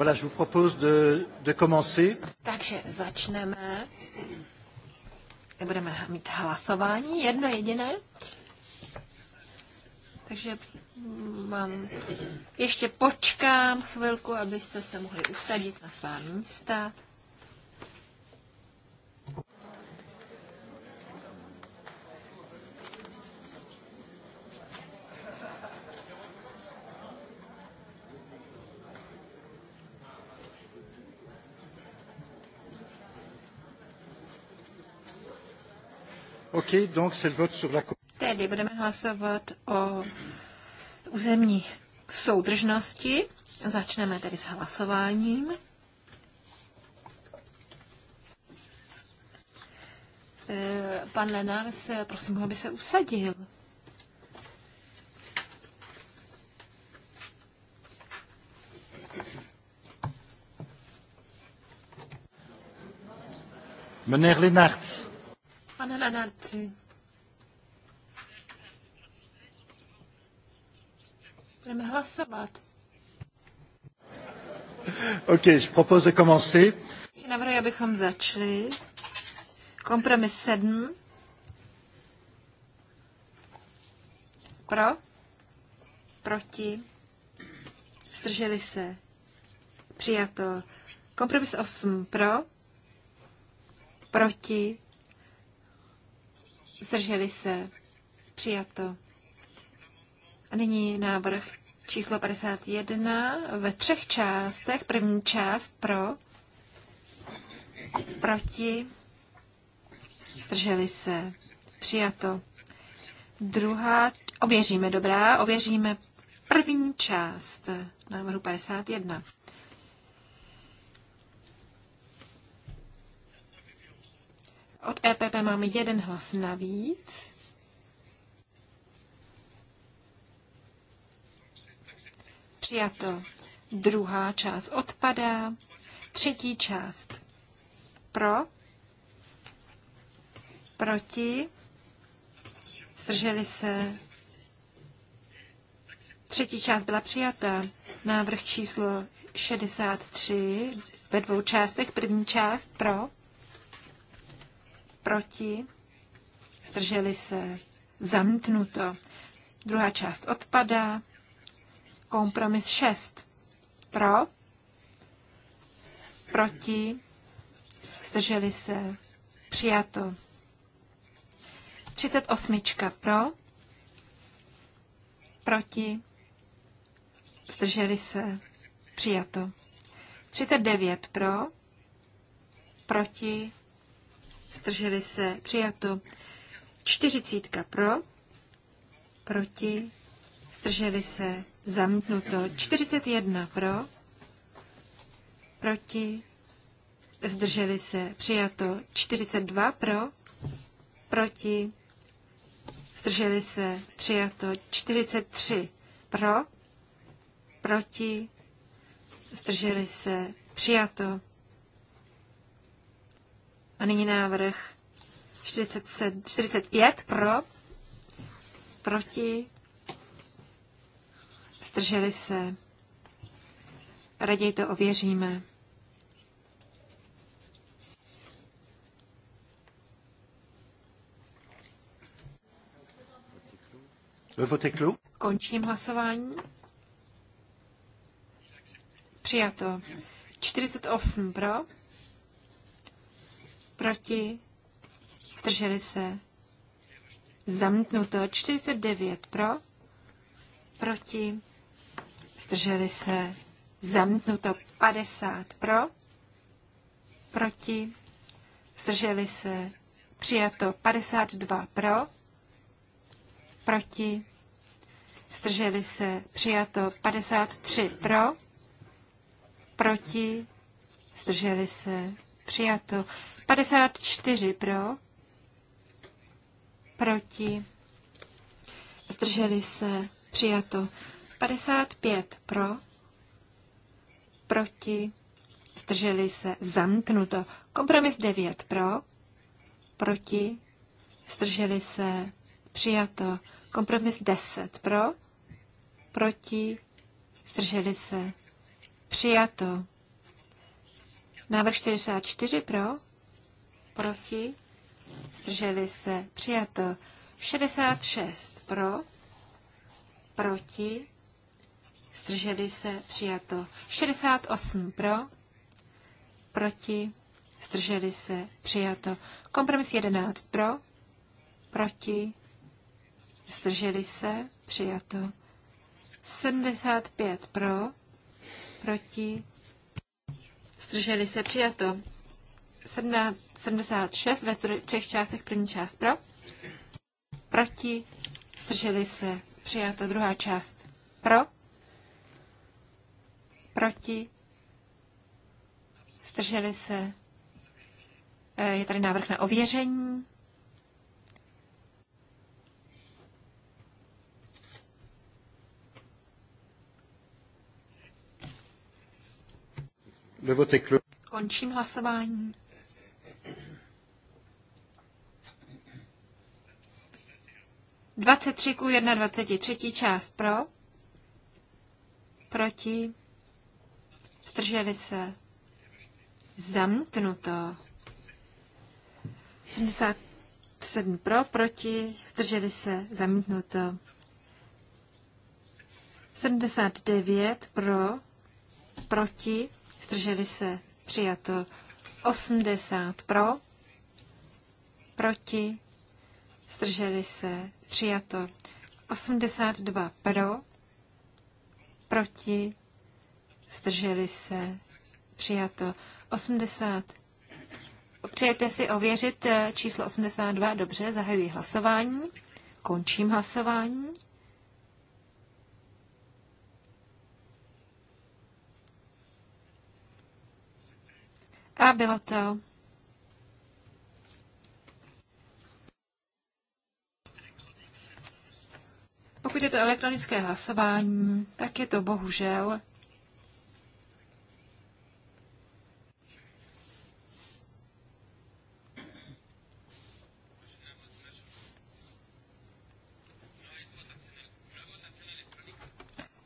Voilà, je vous propose de, de commencer. Takže začneme. Budeme mít hlasování, jedno jediné. Takže mám, ještě počkám chvilku, abyste se mohli usadit na svá místa. attaquer, donc c'est le vote sur la... Tedy budeme hlasovat o územní soudržnosti. Začneme tedy s hlasováním. Eh, pan Lenars, prosím, aby se usadil. Meneer Lenars tal-anazzi. Ok, je propose de commencer. Navrhuji, abychom začali. Kompromis 7. Pro? Proti? Zdrželi se? Přijato. Kompromis 8. Pro? Proti? Zdrželi se. Přijato. A nyní návrh číslo 51 ve třech částech. První část pro, proti, zdrželi se, přijato. Druhá, ověříme, dobrá, ověříme první část návrhu 51. Od EPP máme jeden hlas navíc. Přijato. Druhá část odpadá. Třetí část pro, proti, zdrželi se. Třetí část byla přijata. Návrh číslo 63 ve dvou částech. První část pro, proti, zdrželi se, zamítnuto. Druhá část odpadá, kompromis 6, pro, proti, zdrželi se, přijato. 38 pro, proti, zdrželi se, přijato. 39 pro, proti, zdrželi se, přijato. Čtyřicítka pro, proti, zdrželi se, zamítnuto. 41 pro, proti, zdrželi se, přijato. 42 pro, proti, zdrželi se, přijato. 43 pro, proti, zdrželi se, přijato. A nyní návrh 47, 45 pro, proti, zdrželi se. Raději to ověříme. Končím hlasování. Přijato. 48 pro proti, zdrželi se, zamítnuto 49 pro, proti, zdrželi se, zamítnuto 50 pro, proti, zdrželi se, přijato 52 pro, proti, zdrželi se, přijato 53 pro, proti, zdrželi se, Přijato. 54 pro. Proti. Zdrželi se. Přijato. 55 pro. Proti. Zdrželi se. Zamknuto. Kompromis 9 pro. Proti. Zdrželi se. Přijato. Kompromis 10 pro. Proti. Zdrželi se. Přijato. Návrh 44 pro, proti, zdrželi se, přijato. 66 pro, proti, zdrželi se, přijato. 68 pro, proti, zdrželi se, přijato. Kompromis 11 pro, proti, zdrželi se, přijato. 75 pro, proti, zdrželi se, přijato. 76 ve třech částech, první část pro, proti, zdrželi se, přijato. Druhá část pro, proti, zdrželi se. E, je tady návrh na ověření. Končím hlasování. Dvacet tři ku jedna dvaceti. Třetí část pro. Proti. Zdrželi se. Zamknuto. 77 pro, proti, zdrželi se, zamítnuto. 79 pro, proti, zdrželi se, přijato 80 pro, proti, zdrželi se, přijato 82 pro, proti, zdrželi se, přijato 80. Přijete si ověřit eh, číslo 82, dobře, zahajuji hlasování, končím hlasování. A bylo to Pokud je to elektronické hlasování, tak je to bohužel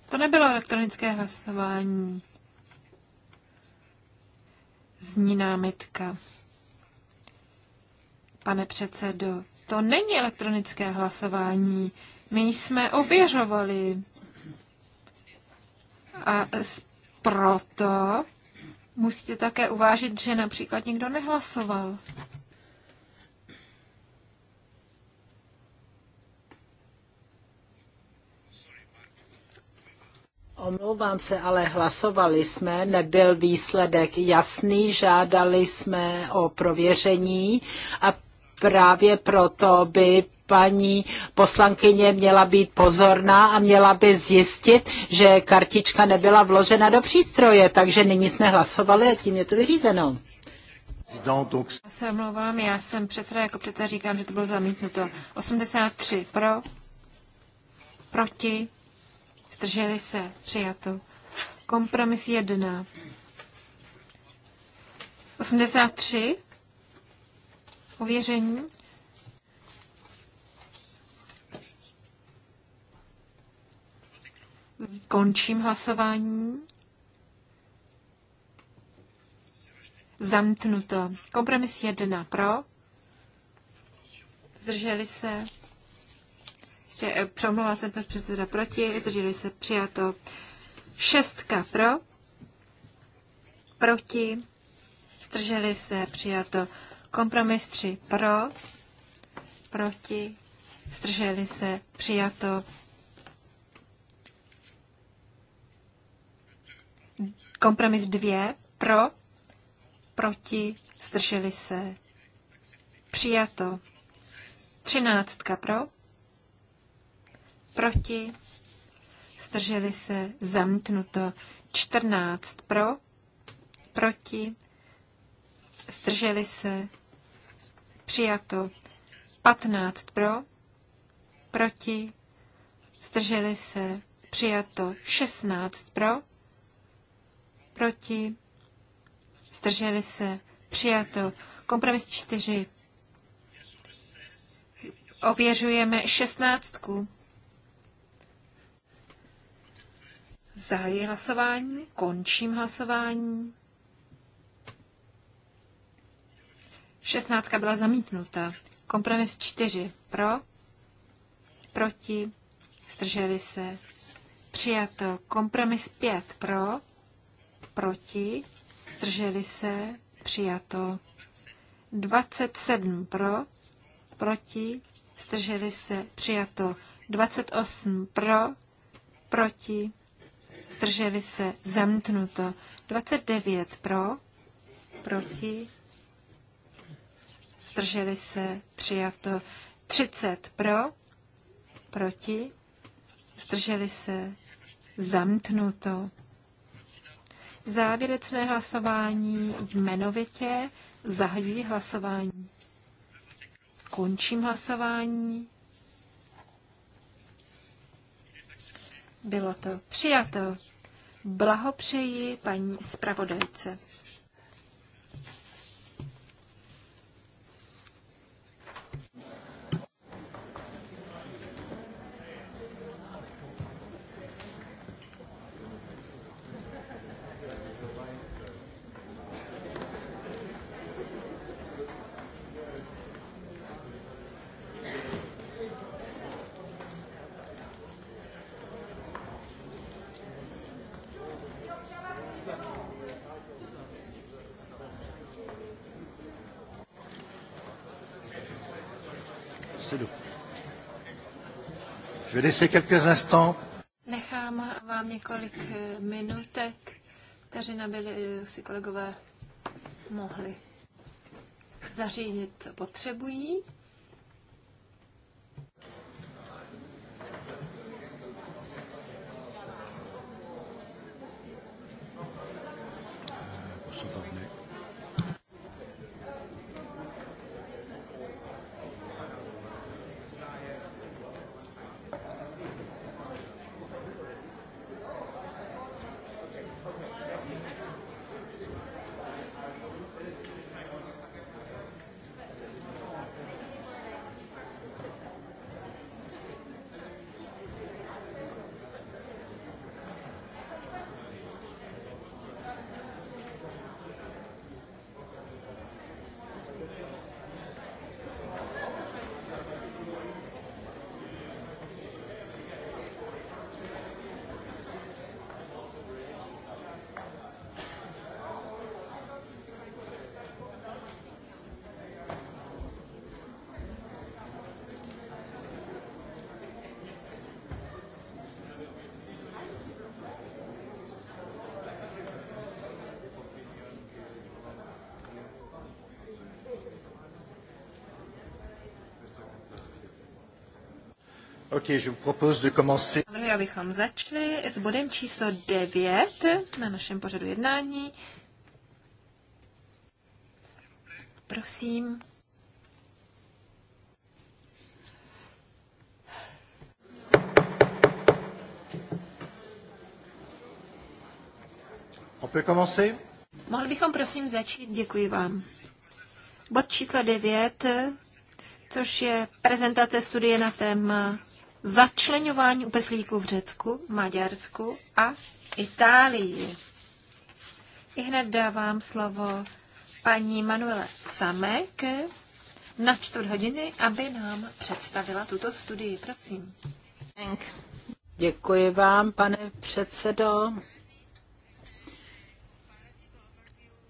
To nebylo elektronické hlasování zní námitka. Pane předsedo, to není elektronické hlasování. My jsme ověřovali. A proto musíte také uvážit, že například někdo nehlasoval. Omlouvám se, ale hlasovali jsme, nebyl výsledek jasný, žádali jsme o prověření a právě proto by paní poslankyně měla být pozorná a měla by zjistit, že kartička nebyla vložena do přístroje, takže nyní jsme hlasovali a tím je to vyřízeno. Já se omlouvám, já jsem předseda, jako předseda říkám, že to bylo zamítnuto. 83 pro, proti, zdrželi se, přijato. Kompromis 1. 83. Ověření. Končím hlasování. Zamknuto. Kompromis 1 pro. Zdrželi se. Eh, přomlouvá se pan předseda proti, zdrželi se přijato. Šestka pro, proti, zdrželi se přijato. Kompromis tři pro, proti, zdrželi se přijato. Kompromis dvě pro, proti, zdrželi se přijato. Třináctka pro, proti, zdrželi se, zamítnuto 14 pro, proti, zdrželi se, přijato 15 pro, proti, zdrželi se, přijato 16 pro, proti, zdrželi se, přijato kompromis 4. Ověřujeme šestnáctku. Zahajuji hlasování, končím hlasování. Šestnáctka byla zamítnuta. Kompromis čtyři pro, proti, zdrželi se. Přijato. Kompromis pět pro, proti, zdrželi se. Přijato. 27 pro, proti, zdrželi se. Přijato. 28 pro, proti, zdrželi se, zamítnuto. 29 pro, proti, zdrželi se, přijato. 30 pro, proti, zdrželi se, zamítnuto. Závěrečné hlasování jmenovitě zahajuji hlasování. Končím hlasování. Bylo to přijato. Blahopřeji paní zpravodajce. Je vais laisser quelques instants. Nechám vám několik eh, minutek, kteří byli eh, si kolegové mohli zařídit, co potřebují. Navrhuji, abychom začali s bodem číslo 9 na našem pořadu jednání. Prosím. Mohli Mohl bychom prosím začít, děkuji vám. Bod číslo 9, což je prezentace studie na téma začlenování uprchlíků v Řecku, Maďarsku a Itálii. I hned dávám slovo paní Manuele Samek na čtvrt hodiny, aby nám představila tuto studii. Prosím. Děkuji vám, pane předsedo.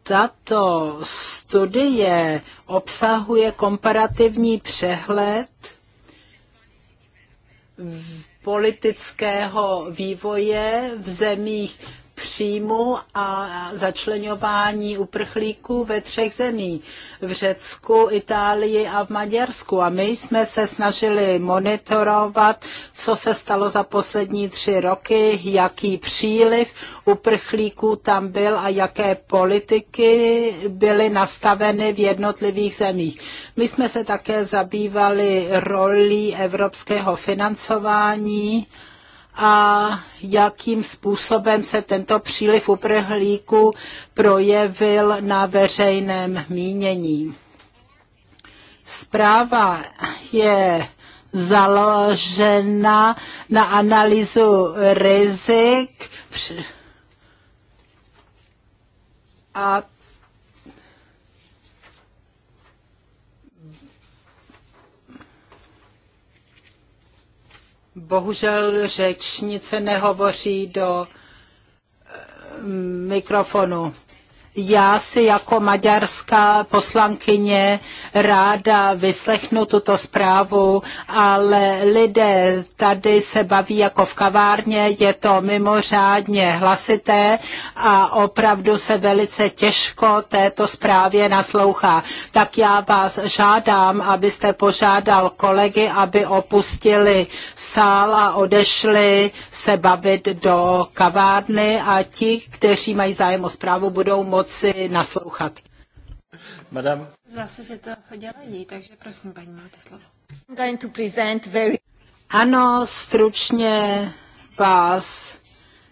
Tato studie obsahuje komparativní přehled politického vývoje v zemích příjmu a začlenování uprchlíků ve třech zemí, v Řecku, Itálii a v Maďarsku. A my jsme se snažili monitorovat, co se stalo za poslední tři roky, jaký příliv uprchlíků tam byl a jaké politiky byly nastaveny v jednotlivých zemích. My jsme se také zabývali rolí evropského financování, a jakým způsobem se tento příliv uprchlíků projevil na veřejném mínění. Zpráva je založena na analýzu rizik a Bohužel řečnice nehovoří do eh, mikrofonu. Já si jako maďarská poslankyně ráda vyslechnu tuto zprávu, ale lidé tady se baví jako v kavárně, je to mimořádně hlasité a opravdu se velice těžko této zprávě naslouchá. Tak já vás žádám, abyste požádal kolegy, aby opustili sál a odešli se bavit do kavárny a ti, kteří mají zájem o zprávu, budou moci moci naslouchat. Madam. Zase, že to dělají, takže prosím, paní, máte slovo. I'm going to present very... Ano, stručně vás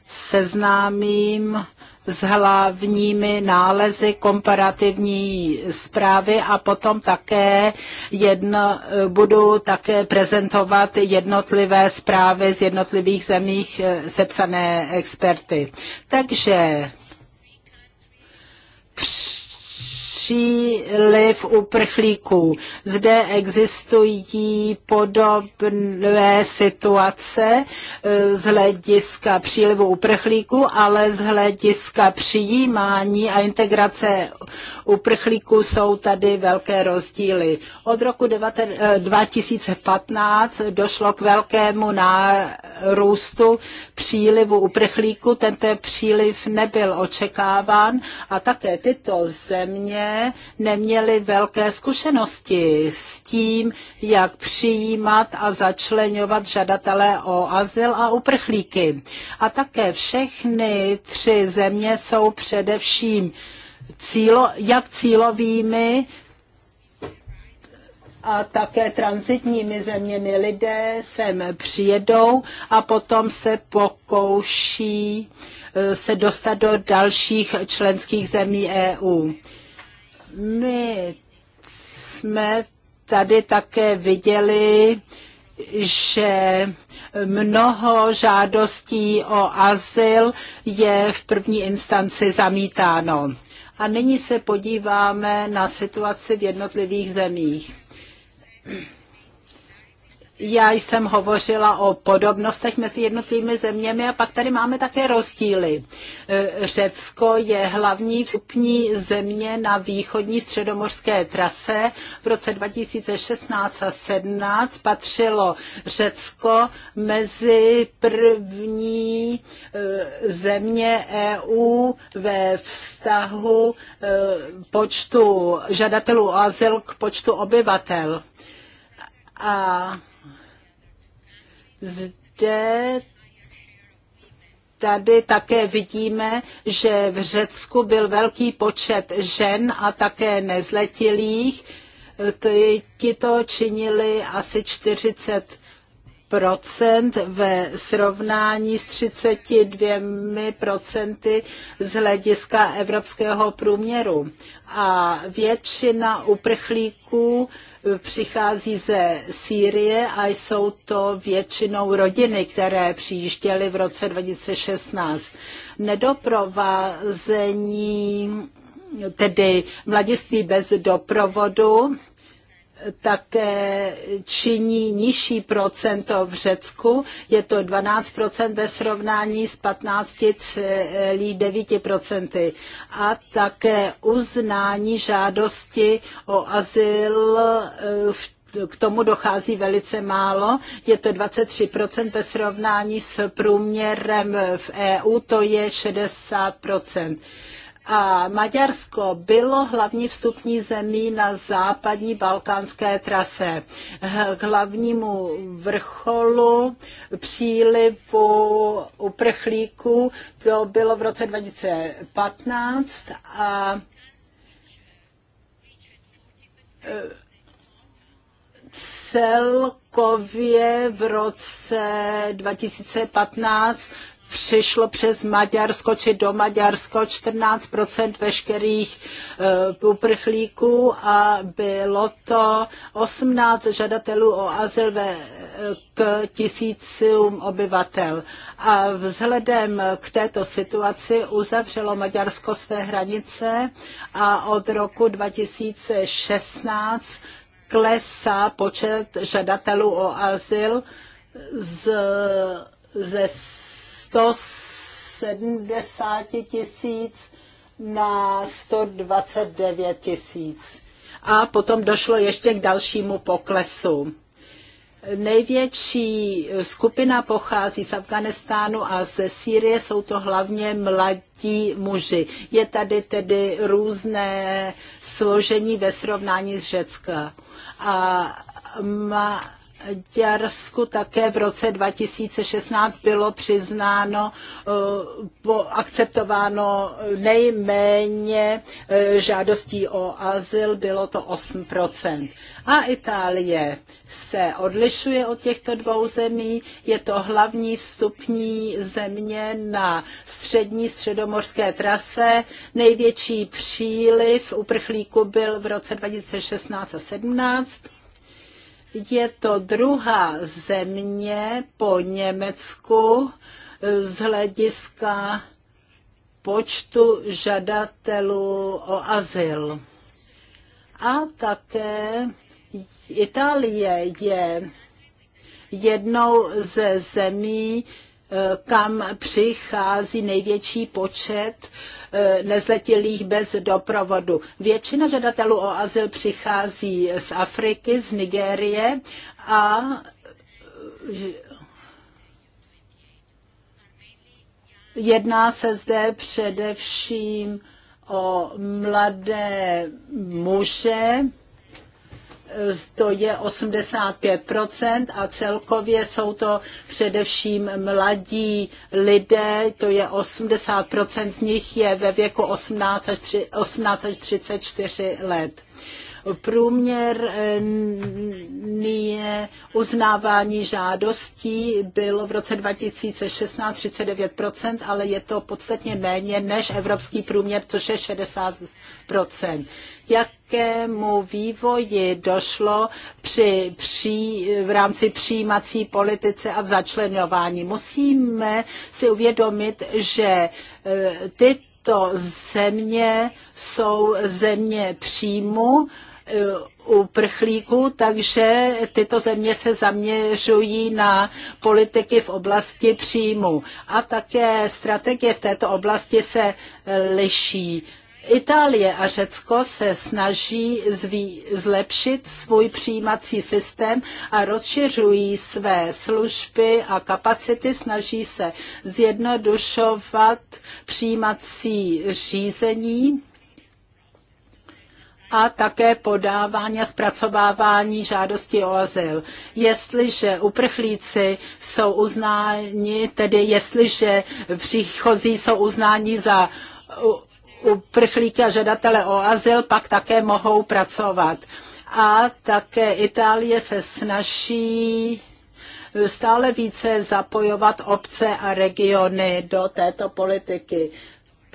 seznámím s hlavními nálezy komparativní zprávy a potom také jedno, budu také prezentovat jednotlivé zprávy z jednotlivých zemích eh, sepsané experty. Takže Psst příliv uprchlíků. Zde existují podobné situace eh, z hlediska přílivu uprchlíků, ale z hlediska přijímání a integrace uprchlíků jsou tady velké rozdíly. Od roku 2015 eh, došlo k velkému nárůstu přílivu uprchlíků. Tento příliv nebyl očekáván a také tyto země neměli velké zkušenosti s tím, jak přijímat a začlenovat žadatele o azyl a uprchlíky. A také všechny tři země jsou především cílo, jak cílovými, a také transitními zeměmi. Lidé sem přijedou a potom se pokouší eh, se dostat do dalších členských zemí EU. My jsme tady také viděli, že mnoho žádostí o azyl je v první instanci zamítáno. A nyní se podíváme na situaci v jednotlivých zemích. Já jsem hovořila o podobnostech mezi jednotlivými zeměmi a pak tady máme také rozdíly. E, Řecko je hlavní vstupní země na východní středomořské trase. V roce 2016 a 17 patřilo Řecko mezi první e, země EU ve vztahu e, počtu žadatelů o azyl k počtu obyvatel. A zde tady také vidíme, že v Řecku byl velký počet žen a také nezletilých. Ti to činili asi 40 ve srovnání s 32 procenty z hlediska evropského průměru. A většina uprchlíků přichází ze Sýrie a jsou to většinou rodiny, které přijížděly v roce 2016. Nedoprovázení tedy mladiství bez doprovodu také činí nižší procento v Řecku. Je to 12% ve srovnání s 15,9%. A také uznání žádosti o azyl eh, v k tomu dochází velice málo. Je to 23% ve srovnání s průměrem v EU, to je 60% a Maďarsko bylo hlavní vstupní zemí na západní balkánské trase. K hlavnímu vrcholu přílivu uprchlíků to bylo v roce 2015 a e, celkově v roce 2015 přišlo přes Maďarsko či do Maďarsko 14 veškerých e, uprchlíků a bylo to 18 žadatelů o azyl ve, k tisícům obyvatel. A vzhledem k této situaci uzavřelo Maďarsko své hranice a od roku 2016 klesá počet žadatelů o azyl z, ze 170 tisíc na 129 tisíc. A potom došlo ještě k dalšímu poklesu. Největší skupina pochází z Afganistánu a ze Sýrie, jsou to hlavně mladí muži. Je tady tedy různé složení ve srovnání s Řecka. A má, Maďarsku také v roce 2016 bylo přiznáno, eh, akceptováno nejméně eh, žádostí o azyl, bylo to 8%. A Itálie se odlišuje od těchto dvou zemí, je to hlavní vstupní země na střední středomorské trase. Největší příliv uprchlíků byl v roce 2016 a 17 je to druhá země po Německu e, z hlediska počtu žadatelů o azyl. A také Itálie je jednou ze zemí, kam přichází největší počet eh, nezletilých bez doprovodu. Většina žadatelů o azyl přichází z Afriky, z Nigérie a eh, jedná se zde především o mladé muže, to je 85% a celkově jsou to především mladí lidé, to je 80% z nich je ve věku 18 až, 3, 18 až 34 let. Průměr eh, uznávání žádostí byl v roce 2016 39%, ale je to podstatně méně než evropský průměr, což je 60%. Jakému vývoji došlo při, při, v rámci přijímací politice a v začlenování? Musíme si uvědomit, že eh, ty to země jsou země příjmu uprchlíků, takže tyto země se zaměřují na politiky v oblasti příjmu. A také strategie v této oblasti se liší. Itálie a Řecko se snaží zví, zlepšit svůj přijímací systém a rozšiřují své služby a kapacity, snaží se zjednodušovat přijímací řízení a také podávání a zpracovávání žádosti o azyl. Jestliže uprchlíci jsou uznáni, tedy jestliže příchozí jsou uznáni za uprchlíky a žadatele o azyl, pak také mohou pracovat. A také Itálie se snaží stále více zapojovat obce a regiony do této politiky.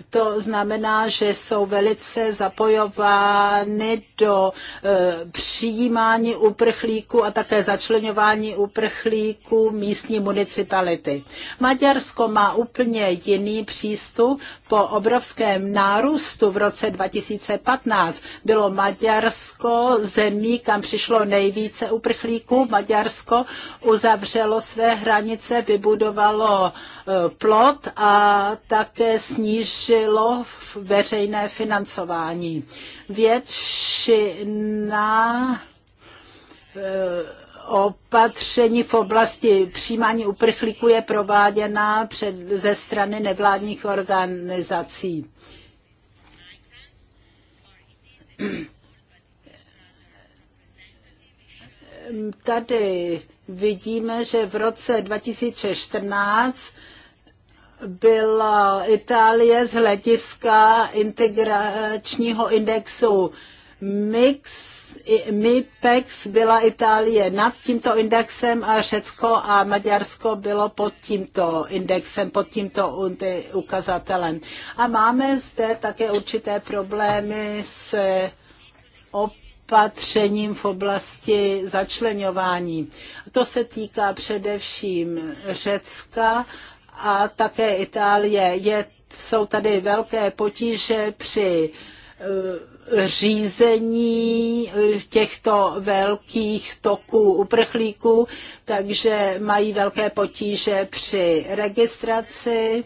To znamená, že jsou velice zapojovány do e, přijímání uprchlíků a také začlenování uprchlíků místní municipality. Maďarsko má úplně jiný přístup. Po obrovském nárůstu v roce 2015 bylo Maďarsko zemí, kam přišlo nejvíce uprchlíků. Maďarsko uzavřelo své hranice, vybudovalo e, plot a také snížilo zlepšilo veřejné financování. Většina eh, opatření v oblasti přijímání uprchlíků je prováděna před, ze strany nevládních organizací. Tady vidíme, že v roce 2014 byla Itálie z hlediska integračního indexu MIX, MIPEX byla Itálie nad tímto indexem a Řecko a Maďarsko bylo pod tímto indexem, pod tímto ukazatelem. A máme zde také určité problémy s opatřením v oblasti začlenování. To se týká především Řecka a také Itálie. Je, jsou tady velké potíže při eh, řízení eh, těchto velkých toků uprchlíků, takže mají velké potíže při registraci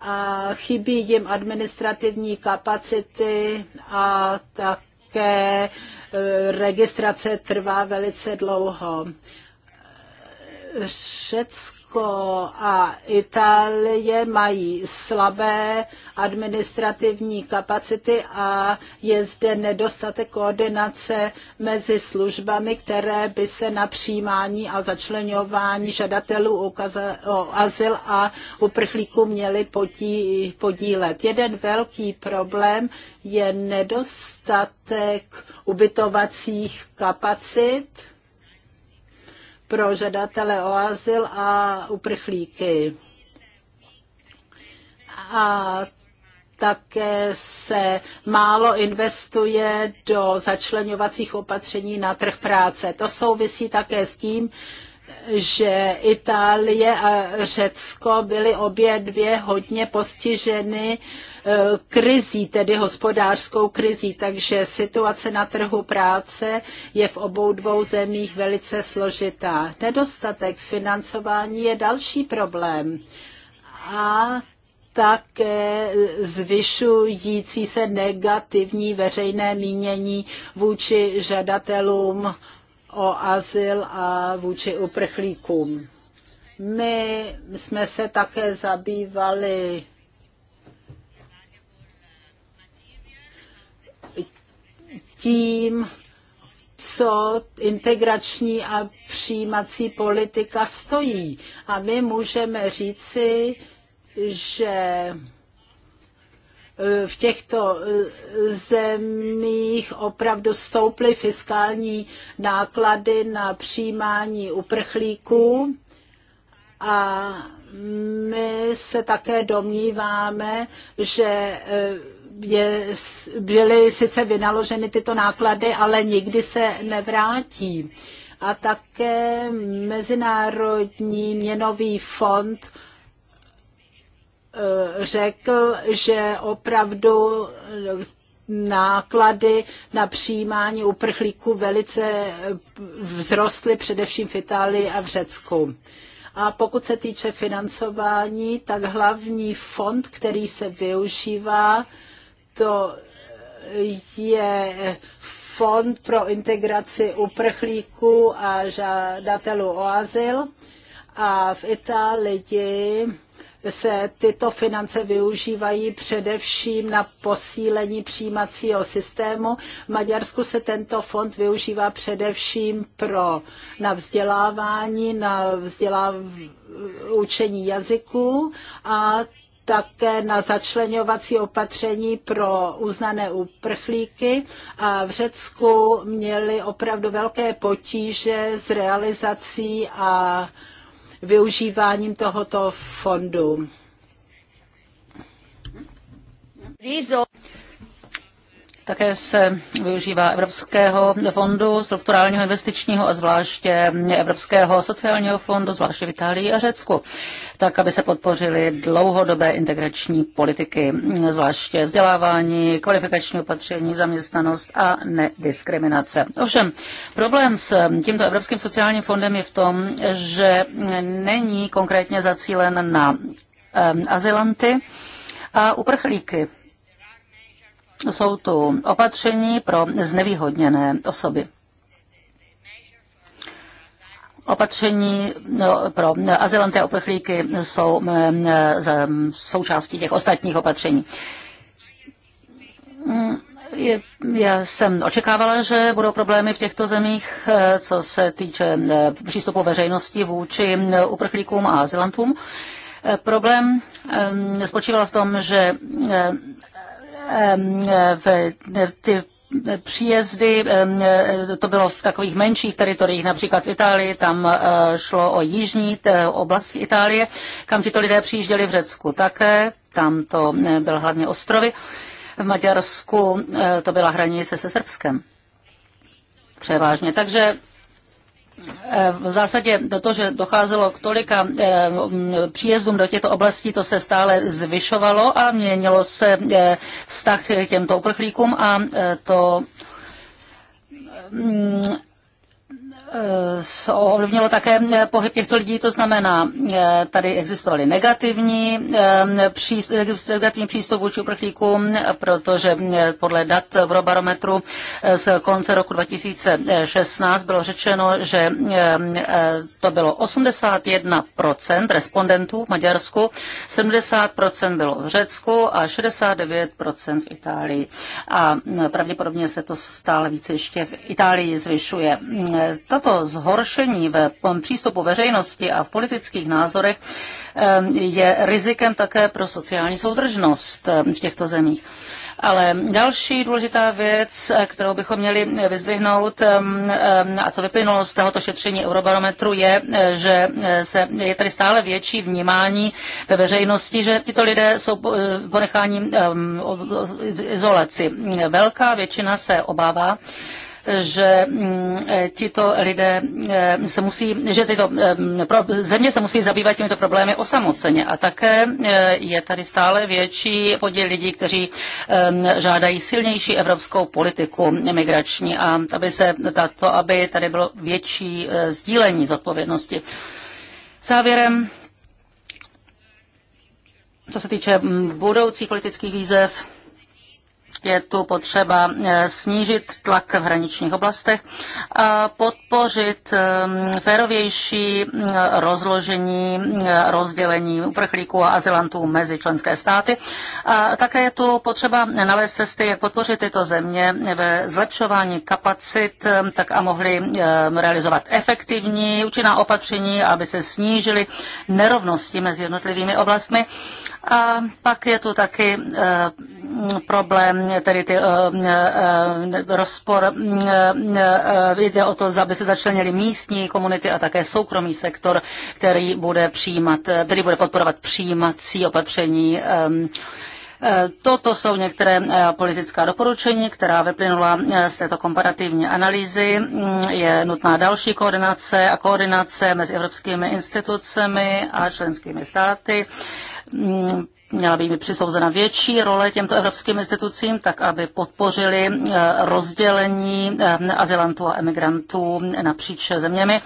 a chybí jim administrativní kapacity a také eh, registrace trvá velice dlouho. Řecko Řecko a Itálie mají slabé administrativní kapacity a je zde nedostatek koordinace mezi službami, které by se na přijímání a začlenování žadatelů o azyl a uprchlíků měly podílet. Jeden velký problém je nedostatek ubytovacích kapacit, pro žadatele o azyl a uprchlíky. A také se málo investuje do začlenovacích opatření na trh práce. To souvisí také s tím, že Itálie a Řecko byly obě dvě hodně postiženy uh, Eh, krizí, tedy hospodářskou krizí, takže situace na trhu práce je v obou dvou zemích velice složitá. Nedostatek financování je další problém. A také zvyšující se negativní veřejné mínění vůči žadatelům o azyl a vůči uprchlíkům. My jsme se také zabývali tím, co integrační a přijímací politika stojí. A my můžeme říci, že e, v těchto e, zemích opravdu stouply fiskální náklady na přijímání uprchlíků a my se také domníváme, že e, je, byly sice vynaloženy tyto náklady, ale nikdy se nevrátí. A také Mezinárodní měnový fond e, řekl, že opravdu náklady na přijímání uprchlíků velice vzrostly především v Itálii a v Řecku. A pokud se týče financování, tak hlavní fond, který se využívá, to je Fond pro integraci uprchlíků a žadatelů o azyl. A v Itálii se tyto finance využívají především na posílení přijímacího systému. V Maďarsku se tento fond využívá především pro, na vzdělávání, na vzdělávání učení jazyků a také na začlenovací opatření pro uznané uprchlíky a v Řecku měli opravdu velké potíže s realizací a využíváním tohoto fondu. Také se využívá Evropského fondu strukturálního investičního a zvláště Evropského sociálního fondu, zvláště v Itálii a Řecku, tak, aby se podpořily dlouhodobé integrační politiky, zvláště vzdělávání, kvalifikační opatření, zaměstnanost a nediskriminace. Ovšem, problém s tímto Evropským sociálním fondem je v tom, že není konkrétně zacílen na um, azylanty a uprchlíky jsou tu opatření pro znevýhodněné osoby opatření no, pro azylanty a uprchlíky jsou mm, eh, součástí těch ostatních opatření. Mm, já jsem očekávala, že budou problémy v těchto zemích, eh, co se týče eh, přístupu veřejnosti vůči uprchlíkům a azylantům. Problém spočíval v tom, že Ehm, v ty příjezdy, ehm, to bylo v takových menších teritoriích, například v Itálii, tam eh, šlo o jižní eh, oblast Itálie, kam tito lidé přijížděli v Řecku také, tam to eh, byl hlavně ostrovy. V Maďarsku to byla hranice se Srbskem. Převážně. Takže v zásadě to, že docházelo k tolika eh, mm, příjezdům do těchto oblastí, to se stále zvyšovalo a měnilo se eh, vztah k těmto uprchlíkům a eh, to mm, Eh, ovlivnilo také eh, pohyb těchto lidí, to znamená, eh, tady existovaly negativní, přístup, negativní přístup vůči uprchlíkům, protože podle dat Eurobarometru z konce roku 2016 bylo řečeno, že to bylo 81% respondentů v Maďarsku, 70% bylo v Řecku a 69% v Itálii. A pravděpodobně se to stále více ještě v Itálii zvyšuje. To toto zhoršení tom přístupu veřejnosti a v politických názorech je rizikem také pro sociální soudržnost v těchto zemích. Ale další důležitá věc, eh, kterou bychom měli vyzdvihnout a co vyplynulo z tohoto šetření Eurobarometru, je, eh, že eh, se, je tady stále větší vnímání ve veřejnosti, že tyto lidé jsou ponecháni izolaci. Velká většina se obává, že mm, tito lidé mm, se musí, že tyto mm, země se musí zabývat těmito problémy osamoceně. A také je tady stále větší podíl lidí, kteří žádají silnější evropskou politiku migrační a aby se tato, aby tady bylo větší e, sdílení zodpovědnosti. Závěrem, co se týče budoucích politických výzev, je tu potřeba eh, snížit tlak v hraničních oblastech a podpořit eh, férovější eh, rozložení, rozdělení uprchlíků a azylantů mezi členské státy. A také je tu potřeba nalézt cesty, jak podpořit tyto země ve zlepšování kapacit, tak a mohli realizovat efektivní účinná opatření, aby se snížily nerovnosti mezi jednotlivými oblastmi a pak je tu taky eh, problém, tedy ty, eh, eh, rozpor, jde o to, aby se začlenili místní komunity a také soukromý sektor, který bude, přijímat, který bude podporovat přijímací opatření Eh, toto jsou některé eh, politická doporučení, která vyplynula eh, z této komparativní analýzy. Mm, je nutná další koordinace a koordinace mezi evropskými institucemi a členskými státy mm, měla by mi přisouzena větší role těmto evropským institucím, tak aby podpořili rozdělení azylantů a emigrantů napříč zeměmi.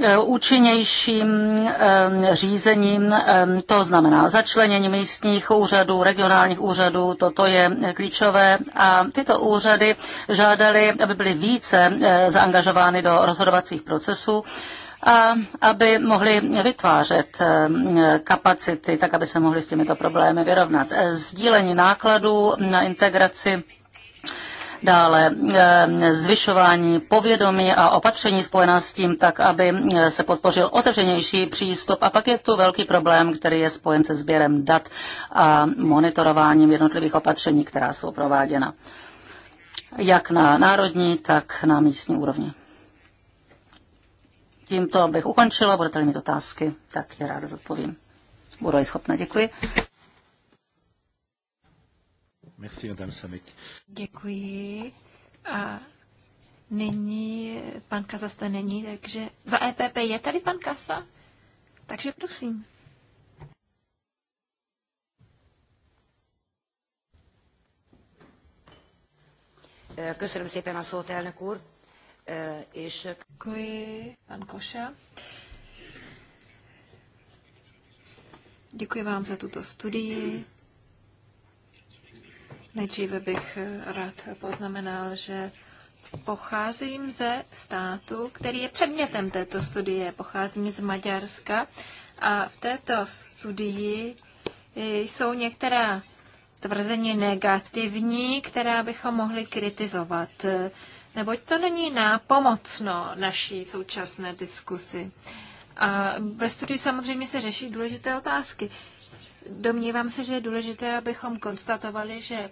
E, účinnějším e, řízením, e, to znamená začlenění místních úřadů, regionálních úřadů, toto je klíčové a tyto úřady žádali, aby byly více zaangažovány do rozhodovacích procesů a aby mohli vytvářet kapacity, tak aby se mohli s těmito problémy vyrovnat. Sdílení nákladů na integraci dále eh, zvyšování povědomí a opatření spojená s tím, tak aby eh, se podpořil otevřenější přístup. A pak je tu velký problém, který je spojen se sběrem dat a monitorováním jednotlivých opatření, která jsou prováděna jak na národní, tak na místní úrovni. Tímto bych ukončila, budete-li mít otázky, tak je ráda zodpovím. Budu-li schopna, děkuji. Merci, Madame Samek. Děkuji. A nyní pan Kasa zde není, takže za EPP je tady pan Kasa? Takže prosím. Köszönöm szépen a szót, elnök úr. És... Děkuji, pan Koša. Děkuji vám za tuto studii. Nejdříve bych eh, rád poznamenal, že pocházím ze státu, který je předmětem této studie. Pocházím z Maďarska a v této studii eh, jsou některá tvrzení negativní, která bychom mohli kritizovat, eh, neboť to není nápomocno naší současné diskusi. A ve studiu samozřejmě se řeší důležité otázky. Domnívám se, že je důležité, abychom konstatovali, že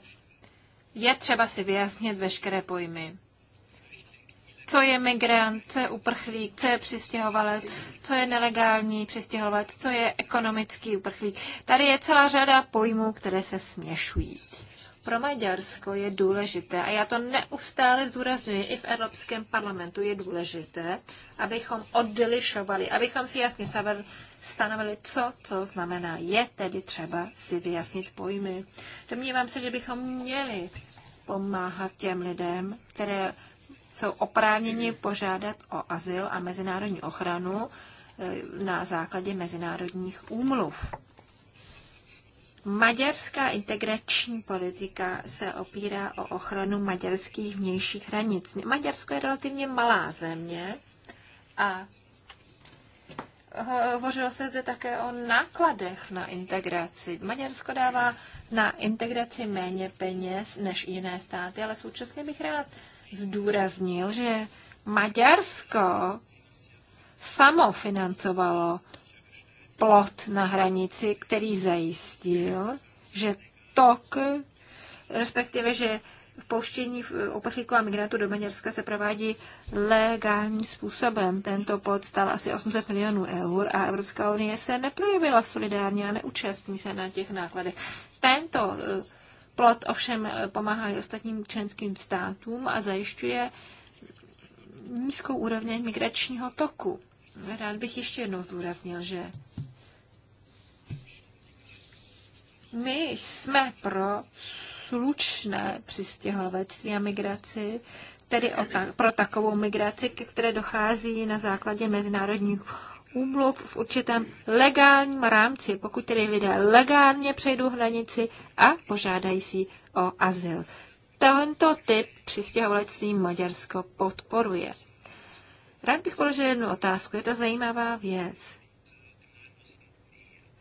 je třeba si vyjasnit veškeré pojmy. Co je migrant, co je uprchlík, co je přistěhovalec, co je nelegální přistěhovalec, co je ekonomický uprchlík. Tady je celá řada pojmů, které se směšují pro Maďarsko je důležité, a já to neustále zdůraznuju i v Evropském parlamentu, je důležité, abychom odlišovali, abychom si jasně stanovili, co co znamená. Je tedy třeba si vyjasnit pojmy. Domnívám se, že bychom měli pomáhat těm lidem, které jsou oprávněni požádat o azyl a mezinárodní ochranu eh, na základě mezinárodních úmluv. Maďarská integrační politika se opírá o ochranu maďarských vnějších hranic. Maďarsko je relativně malá země a hovořilo se zde také o nákladech na integraci. Maďarsko dává na integraci méně peněz než jiné státy, ale současně bych rád zdůraznil, že Maďarsko samo financovalo plot na hranici, který zajistil, že tok, respektive, že v pouštění eh, uprchlíků a migrantů do Maďarska se provádí legálním způsobem. Tento plot stal asi 800 milionů eur a Evropská unie se neprojevila solidárně a neúčastní se na těch nákladech. Tento eh, plot ovšem eh, pomáhá i ostatním členským státům a zajišťuje nízkou úroveň migračního toku. Rád bych ještě jednou zdůraznil, že my jsme pro slučné přistěhovalectví a migraci, tedy o ta, pro takovou migraci, ke které dochází na základě mezinárodních úmluv v určitém legálním rámci, pokud tedy lidé legálně přejdou hranici a požádají si o azyl. Tento typ přistěhovalectví Maďarsko podporuje. Rád bych položil jednu otázku, je to zajímavá věc.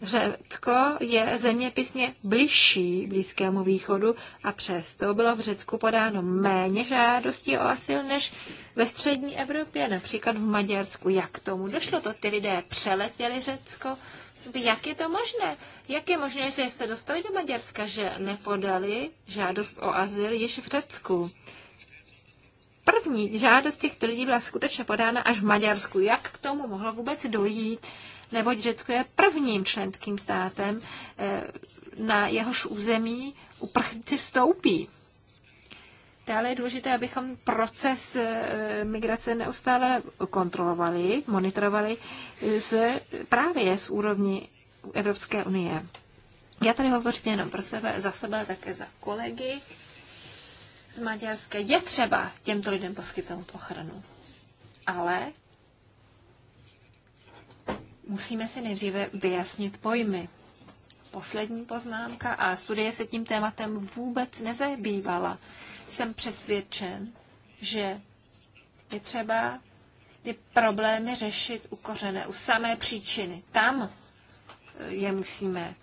Řecko je zeměpisně bližší Blízkému východu a přesto bylo v Řecku podáno méně žádostí o asyl než ve střední Evropě, například v Maďarsku. Jak tomu došlo? To ty lidé přeletěli Řecko? Jak je to možné? Jak je možné, že se dostali do Maďarska, že nepodali žádost o azyl již v Řecku? První žádost těchto lidí byla skutečně podána až v Maďarsku. Jak k tomu mohlo vůbec dojít? neboť Řecko je prvním členským státem, eh, na jehož území uprchlíci vstoupí. Dále je důležité, abychom proces eh, migrace neustále kontrolovali, monitorovali eh, z, právě z úrovni Evropské unie. Já tady hovořím jenom pro sebe, za sebe, ale také za kolegy z Maďarska. Je třeba těmto lidem poskytnout ochranu. Ale musíme si nejdříve vyjasnit pojmy. Poslední poznámka a studie se tím tématem vůbec nezabývala. Jsem přesvědčen, že je třeba ty problémy řešit u kořené, u samé příčiny. Tam eh, je musíme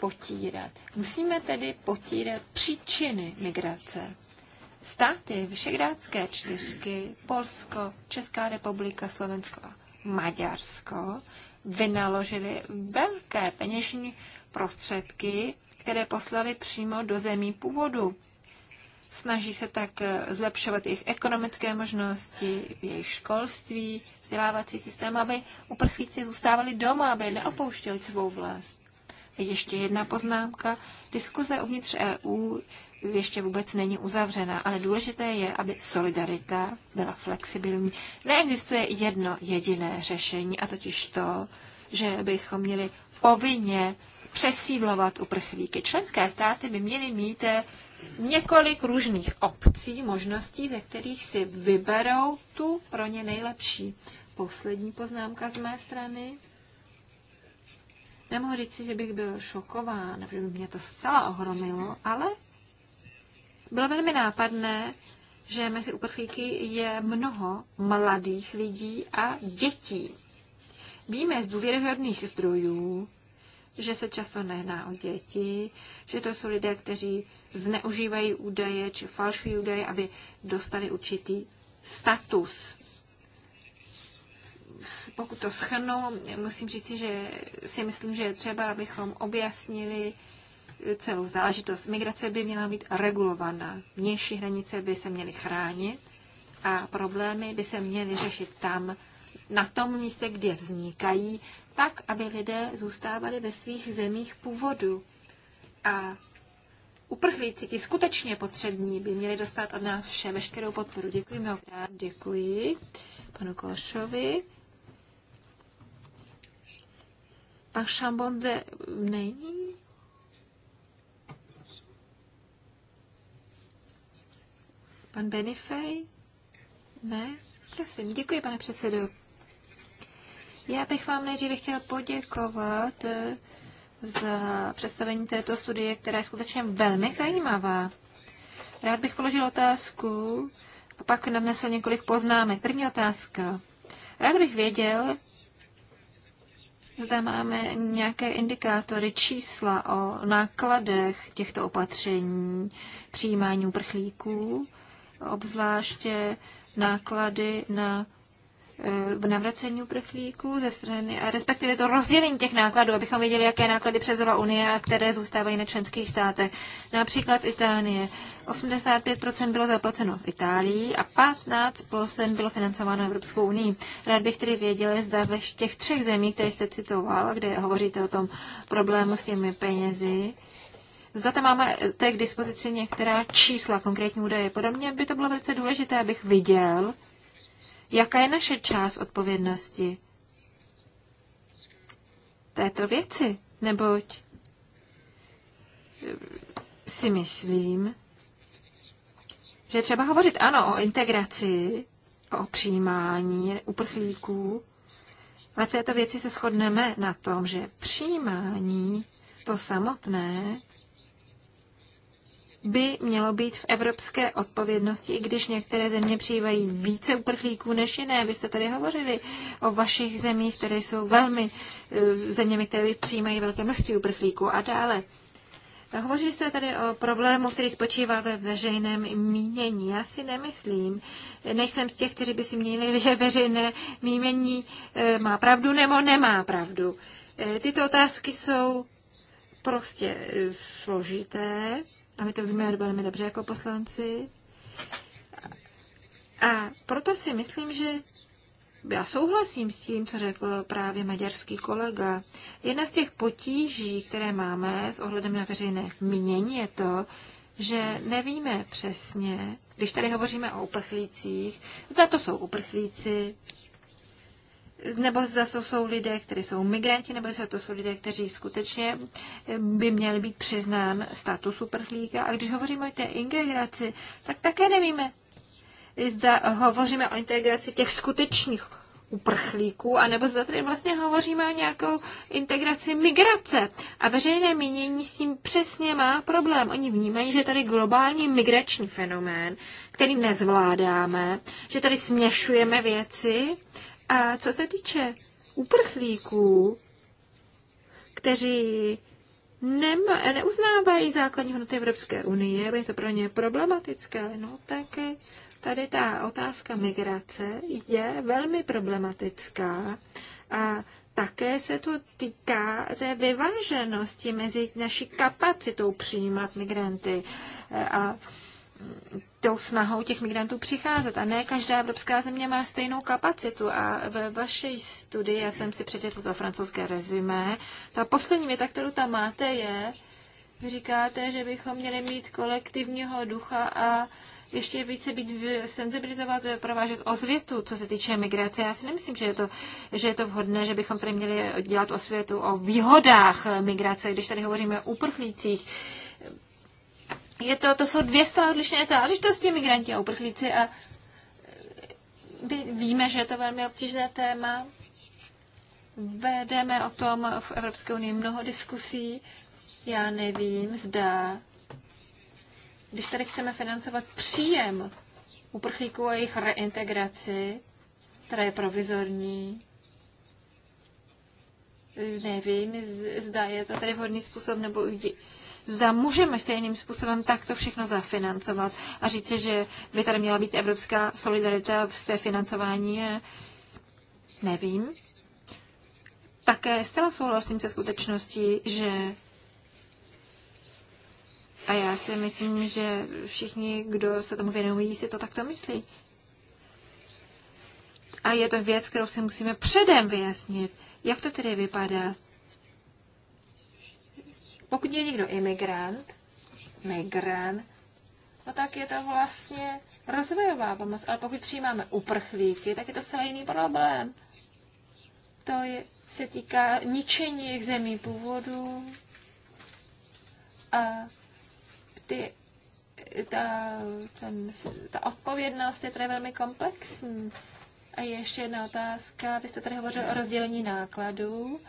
potírat. Musíme tedy potírat příčiny migrace. Státy Všegrádské čtyřky, Polsko, Česká republika, Slovensko a Maďarsko vynaložili velké peněžní prostředky, které poslali přímo do zemí původu. Snaží se tak zlepšovat jejich ekonomické možnosti, jejich školství, vzdělávací systém, aby uprchlíci zůstávali doma, aby neopouštěli svou vlast. Ještě jedna poznámka. Diskuze uvnitř EU ještě vůbec není uzavřena, ale důležité je, aby solidarita byla flexibilní. Neexistuje jedno jediné řešení, a totiž to, že bychom měli povinně přesídlovat uprchlíky. Členské státy by měly mít eh, několik různých opcí, možností, ze kterých si vyberou tu pro ně nejlepší. Poslední poznámka z mé strany. Nemohu říct, že bych byl šokován, že by mě to zcela ohromilo, ale bylo velmi nápadné, že mezi uprchlíky je mnoho mladých lidí a dětí. Víme z důvěryhodných zdrojů, že se často nehná o děti, že to jsou lidé, kteří zneužívají údaje či falšují údaje, aby dostali určitý status. Pokud to schrnu, musím říci, že si myslím, že je třeba, abychom objasnili, celou záležitost. Migrace by měla být regulovaná, vnější hranice by se měly chránit a problémy by se měly řešit tam, na tom místě, kde vznikají, tak, aby lidé zůstávali ve svých zemích původu. A uprchlíci, ti skutečně potřební, by měli dostat od nás vše, veškerou podporu. Děkuji mnohokrát, děkuji panu Košovi. Pan Šambonde není? Pan Benifej? Ne? Prosím, děkuji, pane předsedo. Já bych vám nejdříve chtěl poděkovat eh, za představení této studie, která je skutečně velmi zajímavá. Rád bych položil otázku a pak nadnesl několik poznámek. První otázka. Rád bych věděl, zda máme nějaké indikátory, čísla o nákladech těchto opatření, přijímání uprchlíků obzvláště náklady na v eh, navracení uprchlíků ze strany, a respektive to rozdělení těch nákladů, abychom věděli, jaké náklady převzala Unie a které zůstávají na členských státech. Například Itálie. 85% bylo zaplaceno v Itálii a 15% bylo financováno Evropskou unii. Rád bych tedy věděl, zda ve těch třech zemích, které jste citoval, kde hovoříte o tom problému s těmi penězi, Zda tam máme eh, té k dispozici některá čísla, konkrétní údaje. Podobně by to bylo velice důležité, abych viděl, jaká je naše část odpovědnosti této věci, neboť eh, si myslím, že třeba hovořit ano o integraci, o přijímání uprchlíků, ale v této věci se shodneme na tom, že přijímání to samotné by mělo být v evropské odpovědnosti, i když některé země přijívají více uprchlíků než jiné. Vy jste tady hovořili o vašich zemích, které jsou velmi eh, zeměmi, které přijímají velké množství uprchlíků a dále. Hovořili jste tady o problému, který spočívá ve veřejném mínění. Já si nemyslím, nejsem z těch, kteří by si měli, že veřejné mínění eh, má pravdu nebo nemá pravdu. Eh, tyto otázky jsou prostě složité a my to víme velmi dobře jako poslanci. A proto si myslím, že já souhlasím s tím, co řekl právě maďarský kolega. Jedna z těch potíží, které máme s ohledem na veřejné mínění, je to, že nevíme přesně, když tady hovoříme o uprchlících, zda to jsou uprchlíci, nebo zda to jsou lidé, kteří jsou migranti, nebo zda to jsou lidé, kteří skutečně by měli být přiznán status uprchlíka. A když hovoříme o té integraci, tak také nevíme, zda hovoříme o integraci těch skutečných uprchlíků, anebo zda tady vlastně hovoříme o nějakou integraci migrace. A veřejné mínění s tím přesně má problém. Oni vnímají, že tady globální migrační fenomén, který nezvládáme, že tady směšujeme věci a co se týče uprchlíků, kteří nem, neuznávají základní hodnoty Evropské unie, je to pro ně problematické, no tak tady ta otázka migrace je velmi problematická a také se to týká té vyváženosti mezi naší kapacitou přijímat migranty a tou snahou těch migrantů přicházet. A ne každá evropská země má stejnou kapacitu. A ve vaší studii, já jsem si přečetl to francouzské rezumé, ta poslední věta, kterou tam máte, je, vy říkáte, že bychom měli mít kolektivního ducha a ještě více být senzibilizovat, eh, provážet osvětu, co se týče migrace. Já si nemyslím, že je to, že je to vhodné, že bychom tady měli dělat osvětu o výhodách eh, migrace, když tady hovoříme o uprchlících je to, to jsou dvě zcela odlišné záležitosti, migranti a uprchlíci a víme, že je to velmi obtížné téma. Vedeme o tom v Evropské unii mnoho diskusí. Já nevím, zda, když tady chceme financovat příjem uprchlíků a jejich reintegraci, která je provizorní, nevím, zda je to tady vhodný způsob, nebo zda můžeme stejným způsobem takto všechno zafinancovat a říci, že by tady měla být evropská solidarita ve financování, nevím. Také zcela souhlasím se skutečností, že a já si myslím, že všichni, kdo se tomu věnují, si to takto myslí. A je to věc, kterou si musíme předem vyjasnit. Jak to tedy vypadá? Pokud je někdo imigrant, migrant, no tak je to vlastně rozvojová pomoc. Ale pokud přijímáme uprchlíky, tak je to celý jiný problém. To je, se týká ničení jejich zemí původu a ty, ta, ten, ta odpovědnost je tady velmi komplexní. A ještě jedna otázka. Vy jste tady hovořil o rozdělení nákladů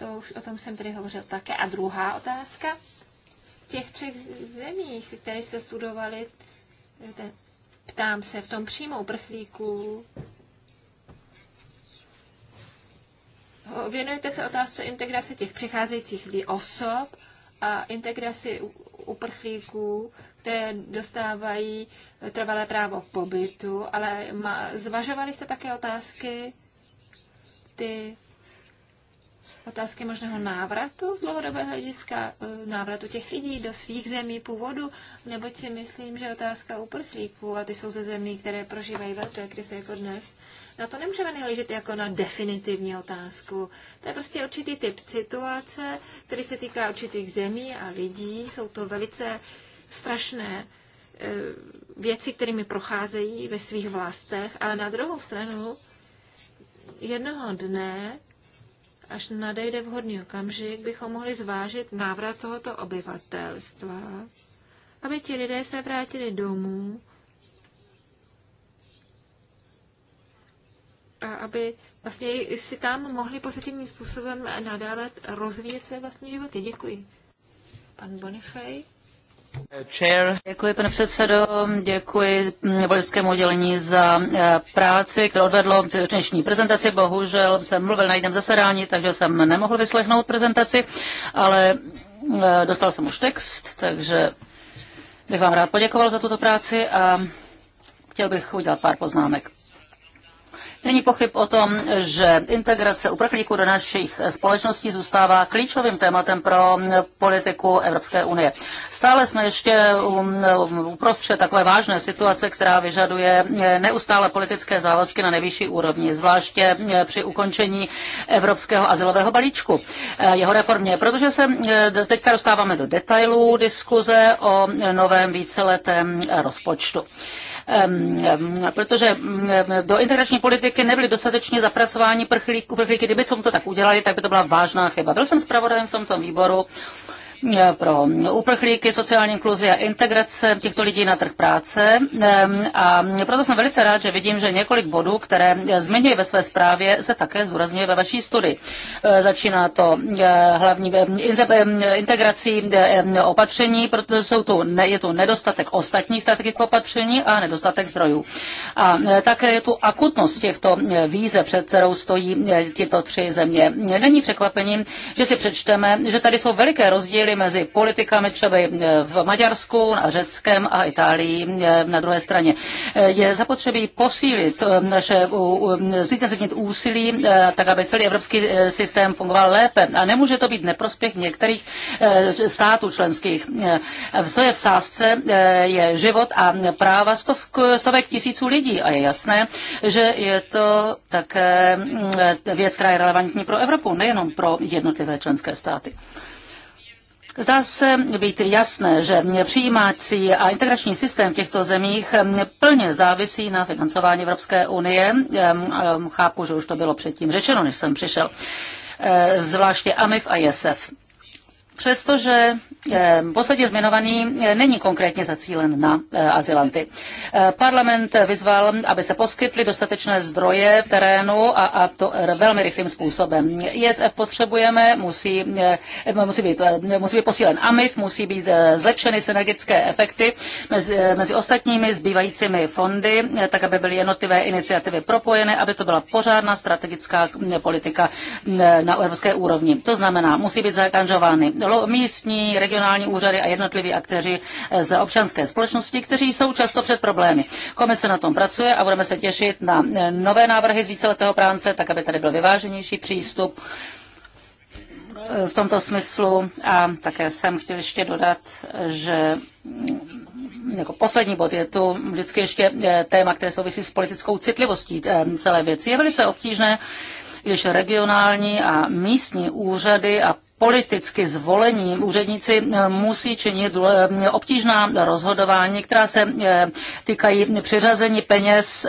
to už o tom jsem tady hovořil také. A druhá otázka. V těch třech zemích, které jste studovali, ptám se, v tom přímo uprchlíků, věnujete se otázce integrace těch přicházejících osob a integraci uprchlíků, které dostávají trvalé právo pobytu, ale zvažovali jste také otázky ty otázky možného návratu z dlouhodobého hlediska, e, návratu těch lidí do svých zemí původu, neboť si myslím, že otázka uprchlíků, a ty jsou ze zemí, které prožívají velké krize jako dnes, na to nemůžeme nahlížet jako na definitivní otázku. To je prostě určitý typ situace, který se týká určitých zemí a lidí. Jsou to velice strašné e, věci, kterými procházejí ve svých vlastech, ale na druhou stranu jednoho dne až nadejde vhodný okamžik, bychom mohli zvážit návrat tohoto obyvatelstva, aby ti lidé se vrátili domů a aby vlastně si tam mohli pozitivním způsobem nadále rozvíjet své vlastní životy. Děkuji. Pan Bonifej. Děkuji, pane předsedo, děkuji politickému mm, oddělení za eh, práci, kterou odvedlo v dnešní prezentaci. Bohužel jsem mluvil na jiném zasedání, takže jsem nemohl vyslechnout prezentaci, ale eh, dostal jsem už text, takže bych vám rád poděkoval za tuto práci a chtěl bych udělat pár poznámek. Není pochyb o tom, že integrace uprchlíků do našich společností zůstává klíčovým tématem pro politiku Evropské unie. Stále jsme ještě uprostřed takové vážné situace, která vyžaduje neustále politické závazky na nejvyšší úrovni, zvláště při ukončení evropského asilového balíčku, eh, jeho reformě. Protože se eh, teďka dostáváme do detailů diskuze o novém víceletém rozpočtu. Protože mm, do integrační politiky uprchlíky nebyly dostatečně zapracováni uprchlíky. Kdyby jsme to tak udělali, tak by to byla vážná chyba. Byl jsem zpravodajem v tomto výboru pro uprchlíky, sociální inkluzi a integrace těchto lidí na trh práce. A proto jsem velice rád, že vidím, že několik bodů, které zmiňuji ve své zprávě, se také zúrazňuje ve vaší studii. E, začíná to e, hlavní e, integrací opatření, protože jsou tu, je tu nedostatek ostatních strategických opatření a nedostatek zdrojů. A také je tu akutnost těchto výzev, před kterou stojí tyto tři země. Není překvapením, že si přečteme, že tady jsou veliké rozdíly rozdíly mezi politikami třeba e, v Maďarsku a Řeckém a Itálii e, na druhé straně. E, je zapotřebí posílit naše zvítězit úsilí, tak aby celý evropský systém fungoval lépe. A nemůže to být neprospěch některých států členských. Co je v sázce, je život a práva stovk, stovek tisíců lidí. A je jasné, že je to také mm, věc, která je relevantní pro Evropu, nejenom pro jednotlivé členské státy. Zdá se být jasné, že přijímací a integrační systém v těchto zemích eh, plně závisí na financování Evropské unie. Eh, eh, chápu, že už to bylo předtím řečeno, než jsem přišel zvláště AMIF a JESEF přestože eh, posledně zmenovaný eh, není konkrétně zacílen na eh, azylanty. Parlament vyzval, aby se poskytly dostatečné zdroje v terénu a, a to velmi rychlým způsobem. ISF potřebujeme, musí, musí, být, musí být posílen AMIF, musí být zlepšeny synergické efekty mezi, mezi ostatními zbývajícími fondy, tak aby byly jednotlivé iniciativy propojeny, aby to byla pořádná strategická politika na evropské úrovni. To znamená, musí být zaangažovány místní, regionální úřady a jednotliví aktéři z občanské společnosti, kteří jsou často před problémy. Komise na tom pracuje a budeme se těšit na eh, nové návrhy z víceletého práce, tak aby tady byl vyváženější přístup eh, v tomto smyslu a také jsem chtěl ještě dodat, že mm, jako poslední bod je tu vždycky ještě eh, téma, které souvisí s politickou citlivostí celé věci. Je velice obtížné, když regionální a místní úřady a politicky zvolení úředníci eh, musí činit eh, obtížná rozhodování, která se eh, týkají přiřazení peněz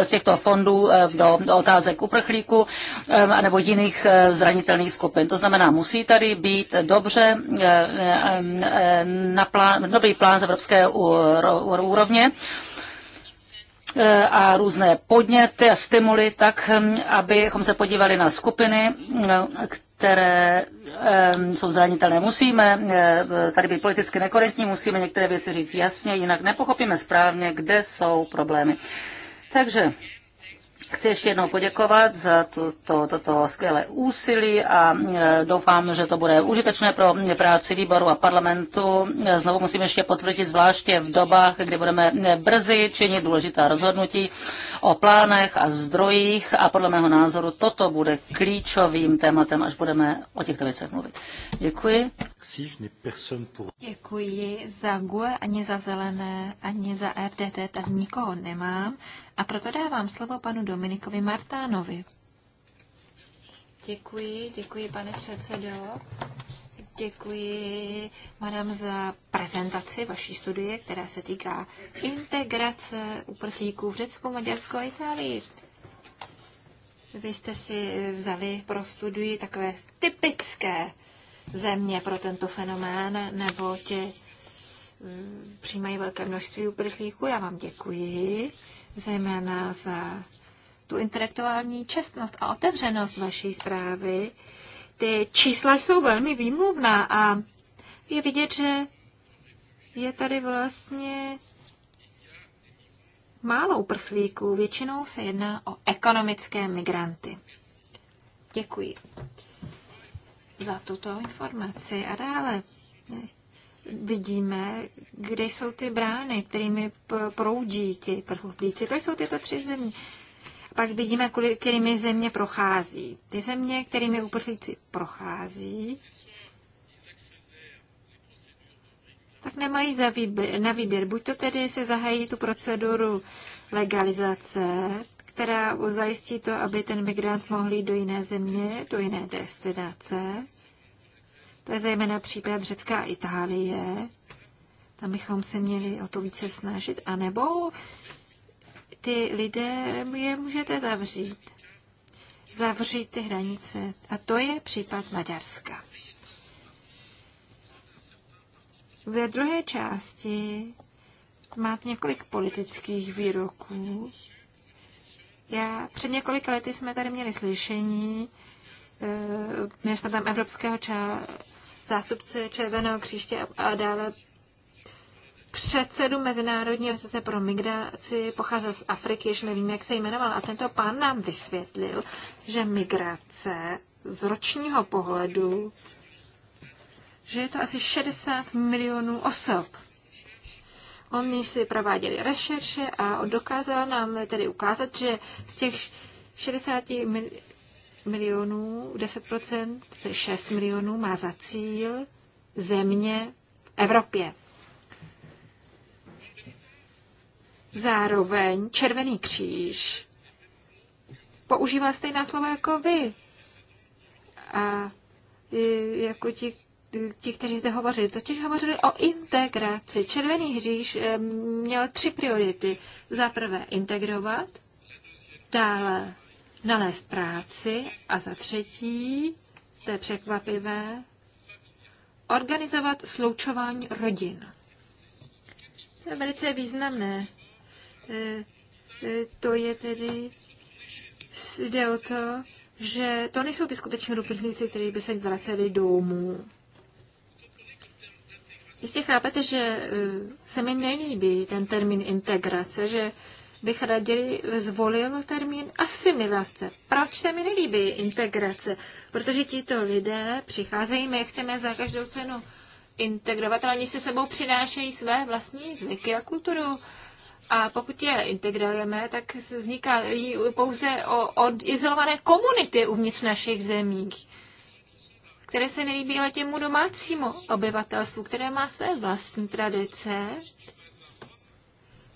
z těchto fondů do, otázek uprchlíků nebo jiných zranitelných skupin. To znamená, musí tady být dobře na plán, dobrý plán z evropské úrovně Eh, a různé podněty a stimuly, tak hm, abychom se podívali na skupiny, eh, které ehm, jsou zranitelné. Musíme eh, tady být politicky nekorektní, musíme některé věci říct jasně, jinak nepochopíme správně, kde jsou problémy. Takže Chci ještě jednou poděkovat za toto, to skvělé úsilí a e, doufám, že to bude užitečné pro práci výboru a parlamentu. Znovu musím ještě potvrdit, zvláště v dobách, kdy budeme brzy činit důležitá rozhodnutí o plánech a zdrojích a podle mého názoru toto bude klíčovým tématem, až budeme o těchto věcech mluvit. Děkuji. Děkuji za GUE, ani za zelené, ani za RDT, tam nikoho nemám. A proto dávám slovo panu Dominikovi Martánovi. Děkuji, děkuji pane předsedo. Děkuji, madam, za prezentaci vaší studie, která se týká integrace uprchlíků v Řecku, Maďarsku a Itálii. Vy jste si vzali pro studii takové typické země pro tento fenomén, nebo tě mm, přijímají velké množství uprchlíků. Já vám děkuji zejména za tu intelektuální čestnost a otevřenost vaší zprávy. Ty čísla jsou velmi výmluvná a je vidět, že je tady vlastně málo uprchlíků. Většinou se jedná o ekonomické migranty. Děkuji za tuto informaci. A dále vidíme, kde jsou ty brány, kterými proudí ti prchlíci. To jsou tyto tři země. Pak vidíme, kterými země prochází. Ty země, kterými uprchlíci prochází, tak nemají za výběr, na výběr. Buď to tedy se zahají tu proceduru legalizace, která zajistí to, aby ten migrant mohl jít do jiné země, do jiné destinace, to je zejména případ Řecka a Itálie. Tam bychom se měli o to více snažit. A nebo ty lidé je můžete zavřít. Zavřít ty hranice. A to je případ Maďarska. Ve druhé části máte několik politických výroků. Já před několika lety jsme tady měli slyšení Eh, měli jsme tam evropského ča, zástupce Červeného kříště a dále předsedu Mezinárodní asociace pro migraci, pocházel z Afriky, ještě nevím, jak se jmenoval, a tento pán nám vysvětlil, že migrace z ročního pohledu, že je to asi 60 milionů osob. Oni si prováděli rešerše a dokázal nám tedy ukázat, že z těch 60 milionů milionů, 10%, 6 milionů má za cíl země v Evropě. Zároveň Červený kříž používá stejná slova jako vy. A jako ti, ti, kteří zde hovořili, totiž hovořili o integraci. Červený hříž eh, měl tři priority. Za prvé integrovat, dále nalézt práci a za třetí, to je překvapivé, organizovat sloučování rodin. To je velice významné. E, e, to je tedy, jde o to, že to nejsou ty skuteční rupinníci, kteří by se vraceli domů. Jistě chápete, že e, se mi nelíbí ten termín integrace, že bych raději zvolil termín asimilace. Proč se mi nelíbí integrace? Protože tito lidé přicházejí, my chceme za každou cenu integrovat, ale oni se sebou přinášejí své vlastní zvyky a kulturu. A pokud je integrujeme, tak vzniká pouze od izolované komunity uvnitř našich zemí, které se nelíbí ale těmu domácímu obyvatelstvu, které má své vlastní tradice,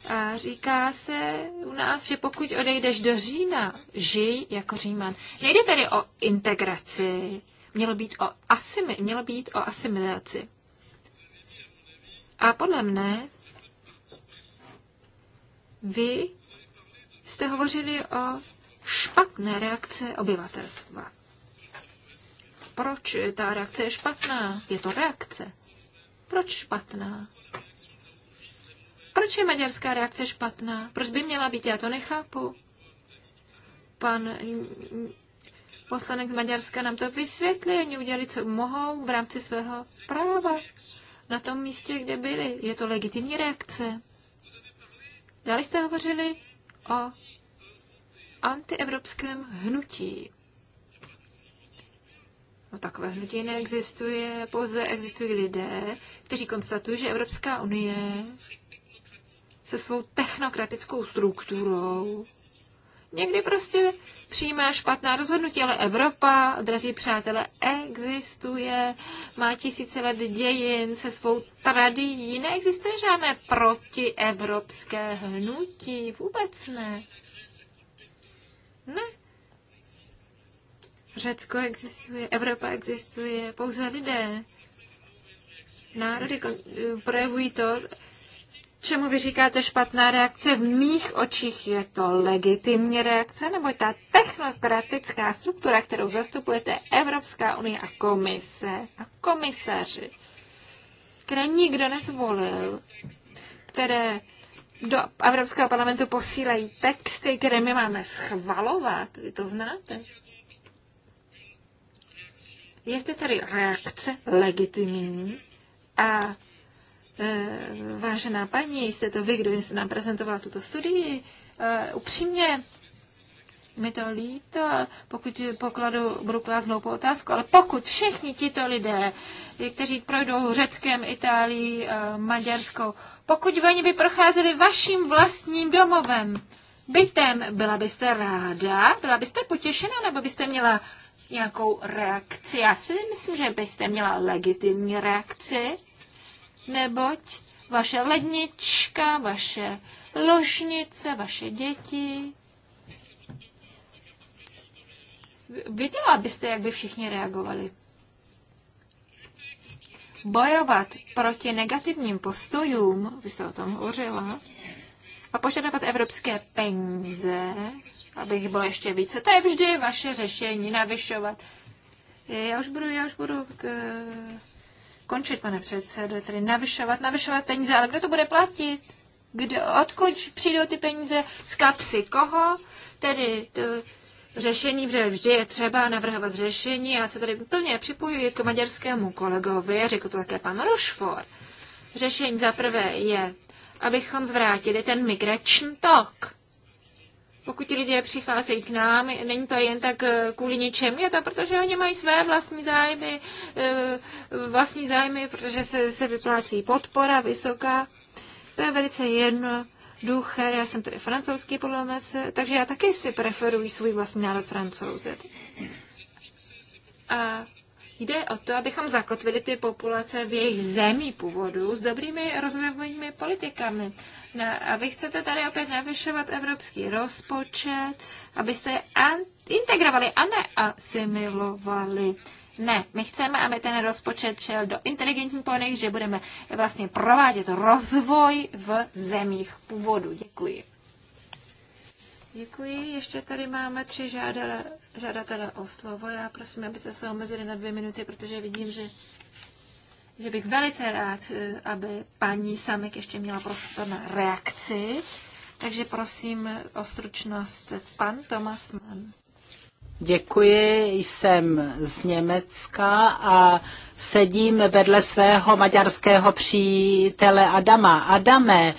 a říká se u nás, že pokud odejdeš do Října, žij jako Říman. Nejde tedy o integraci, mělo být o, asimi, mělo být o asimilaci. A podle mne, vy jste hovořili o špatné reakce obyvatelstva. Proč ta reakce je špatná? Je to reakce. Proč špatná? Proč je maďarská reakce špatná? Proč by měla být? Já to nechápu. Pan poslanec z Maďarska nám to vysvětlí. Oni udělali, co mohou v rámci svého práva na tom místě, kde byli. Je to legitimní reakce. Dále jste hovořili o antievropském hnutí. No, takové hnutí neexistuje, pouze existují lidé, kteří konstatují, že Evropská unie se svou technokratickou strukturou někdy prostě přijímá špatná rozhodnutí, ale Evropa, drazí přátelé, existuje, má tisíce let dějin se svou tradicí, neexistuje žádné protievropské hnutí, vůbec ne. Ne. Řecko existuje, Evropa existuje, pouze lidé. Národy projevují to, čemu vy říkáte špatná reakce, v mých očích je to legitimní reakce, nebo ta technokratická struktura, kterou zastupujete Evropská unie a komise a komisaři, které nikdo nezvolil, které do Evropského parlamentu posílají texty, které my máme schvalovat. Vy to znáte? Je zde reakce legitimní a Eh, vážená paní, jste to vy, kdo jste nám prezentoval tuto studii, eh, upřímně, mi to líto, pokud pokladu, budu klást hloupou otázku, ale pokud všichni tito lidé, kteří projdou Řeckém, Itálii, eh, Maďarskou, pokud oni by procházeli vaším vlastním domovem, bytem, byla byste ráda, byla byste potěšena, nebo byste měla nějakou reakci? Já si myslím, že byste měla legitimní reakci neboť vaše lednička, vaše ložnice, vaše děti. Viděla byste, jak by všichni reagovali. Bojovat proti negativním postojům, vy jste o tom hovořila, a požadovat evropské peníze, abych bylo ještě více. To je vždy vaše řešení, navyšovat. Já už budu, já už budu k, končit, pane předsedo, tedy navyšovat, navyšovat peníze, ale kdo to bude platit? Kdo, odkud přijdou ty peníze? Z kapsy koho? Tedy to řešení, že vždy je třeba navrhovat řešení. Já se tady plně připojuji k maďarskému kolegovi, řekl to také pan Rošfor. Řešení za prvé je, abychom zvrátili ten migrační tok pokud ti lidé přicházejí k nám, není to jen tak eh, kvůli ničem, je to protože oni mají své vlastní zájmy, eh, vlastní zájmy, protože se, se vyplácí podpora vysoká. To je velice jedno duché, já jsem tedy francouzský polomec, takže já taky si preferuji svůj vlastní národ francouze. A jde o to, abychom zakotvili ty populace v jejich zemí původu s dobrými rozvojovými politikami. No, a vy chcete tady opět navyšovat evropský rozpočet, abyste je integrovali a ne asimilovali. Ne, my chceme, aby ten rozpočet šel do inteligentní pony, že budeme vlastně provádět rozvoj v zemích původu. Děkuji. Děkuji. Ještě tady máme tři žádatele, žadatele o slovo. Já prosím, aby se se omezili na dvě minuty, protože vidím, že že bych velice rád, eh, aby paní Samek ještě měla prostor na reakci. Takže prosím o stručnost pan Tomas Mann. Děkuji, jsem z Německa a sedím vedle svého maďarského přítele Adama. Adame,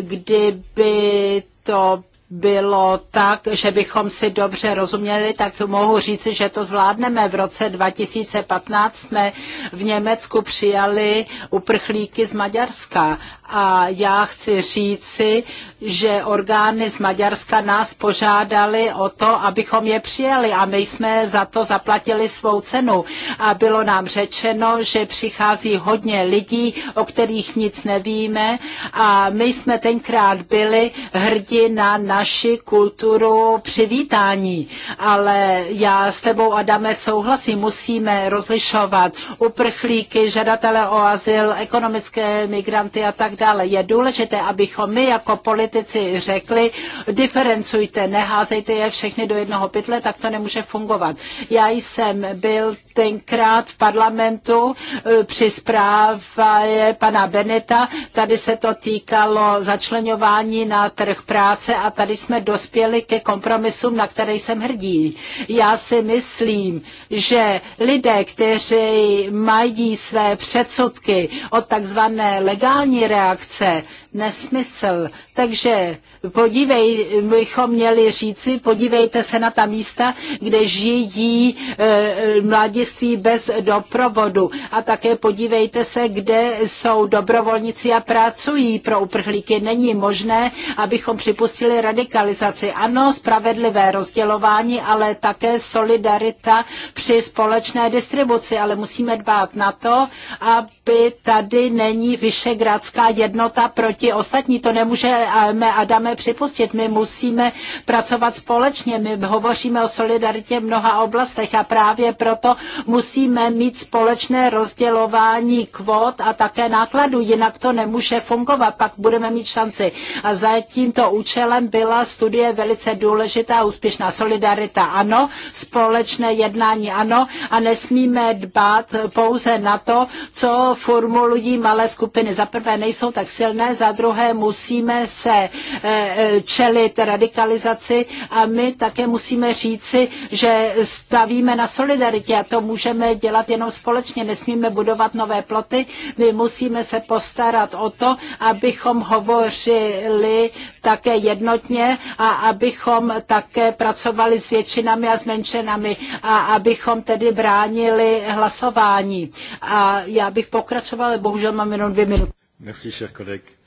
kdyby to bylo tak, že bychom si dobře rozuměli, tak mohu říci, že to zvládneme. V roce 2015 jsme v Německu přijali uprchlíky z Maďarska a já chci říci, že orgány z Maďarska nás požádali o to, abychom je přijeli a my jsme za to zaplatili svou cenu. A bylo nám řečeno, že přichází hodně lidí, o kterých nic nevíme a my jsme tenkrát byli hrdi na naši kulturu přivítání. Ale já s tebou, Adame, souhlasím, musíme rozlišovat uprchlíky, žadatele o azyl, ekonomické migranty a tak dále dále. Je důležité, abychom my jako politici řekli, diferencujte, neházejte je všechny do jednoho pytle, tak to nemůže fungovat. Já jsem byl tenkrát v parlamentu eh, při zprávě pana Beneta. Tady se to týkalo začlenování na trh práce a tady jsme dospěli ke kompromisům, na které jsem hrdí. Já si myslím, že lidé, kteří mají své předsudky od takzvané legální reakce, nesmysl. Takže podívej, bychom měli říci, podívejte se na ta místa, kde žijí e, mladiství bez doprovodu. A také podívejte se, kde jsou dobrovolníci a pracují pro uprchlíky. Není možné, abychom připustili radikalizaci. Ano, spravedlivé rozdělování, ale také solidarita při společné distribuci. Ale musíme dbát na to, aby tady není vyšegrádská jednota proti ti ostatní. To nemůžeme a dáme připustit. My musíme pracovat společně. My hovoříme o solidaritě v mnoha oblastech a právě proto musíme mít společné rozdělování kvot a také nákladů. Jinak to nemůže fungovat. Pak budeme mít šanci. A za tímto účelem byla studie velice důležitá, úspěšná solidarita. Ano, společné jednání ano a nesmíme dbát pouze na to, co formulují malé skupiny. Za prvé nejsou tak silné, za druhé musíme se eh, čelit radikalizaci a my také musíme říci, že stavíme na solidaritě a to můžeme dělat jenom společně. Nesmíme budovat nové ploty, my musíme se postarat o to, abychom hovořili také jednotně a abychom také pracovali s většinami a s menšinami a abychom tedy bránili hlasování. A já bych pokračoval, ale bohužel mám jenom dvě minuty. Merci, cher collègue.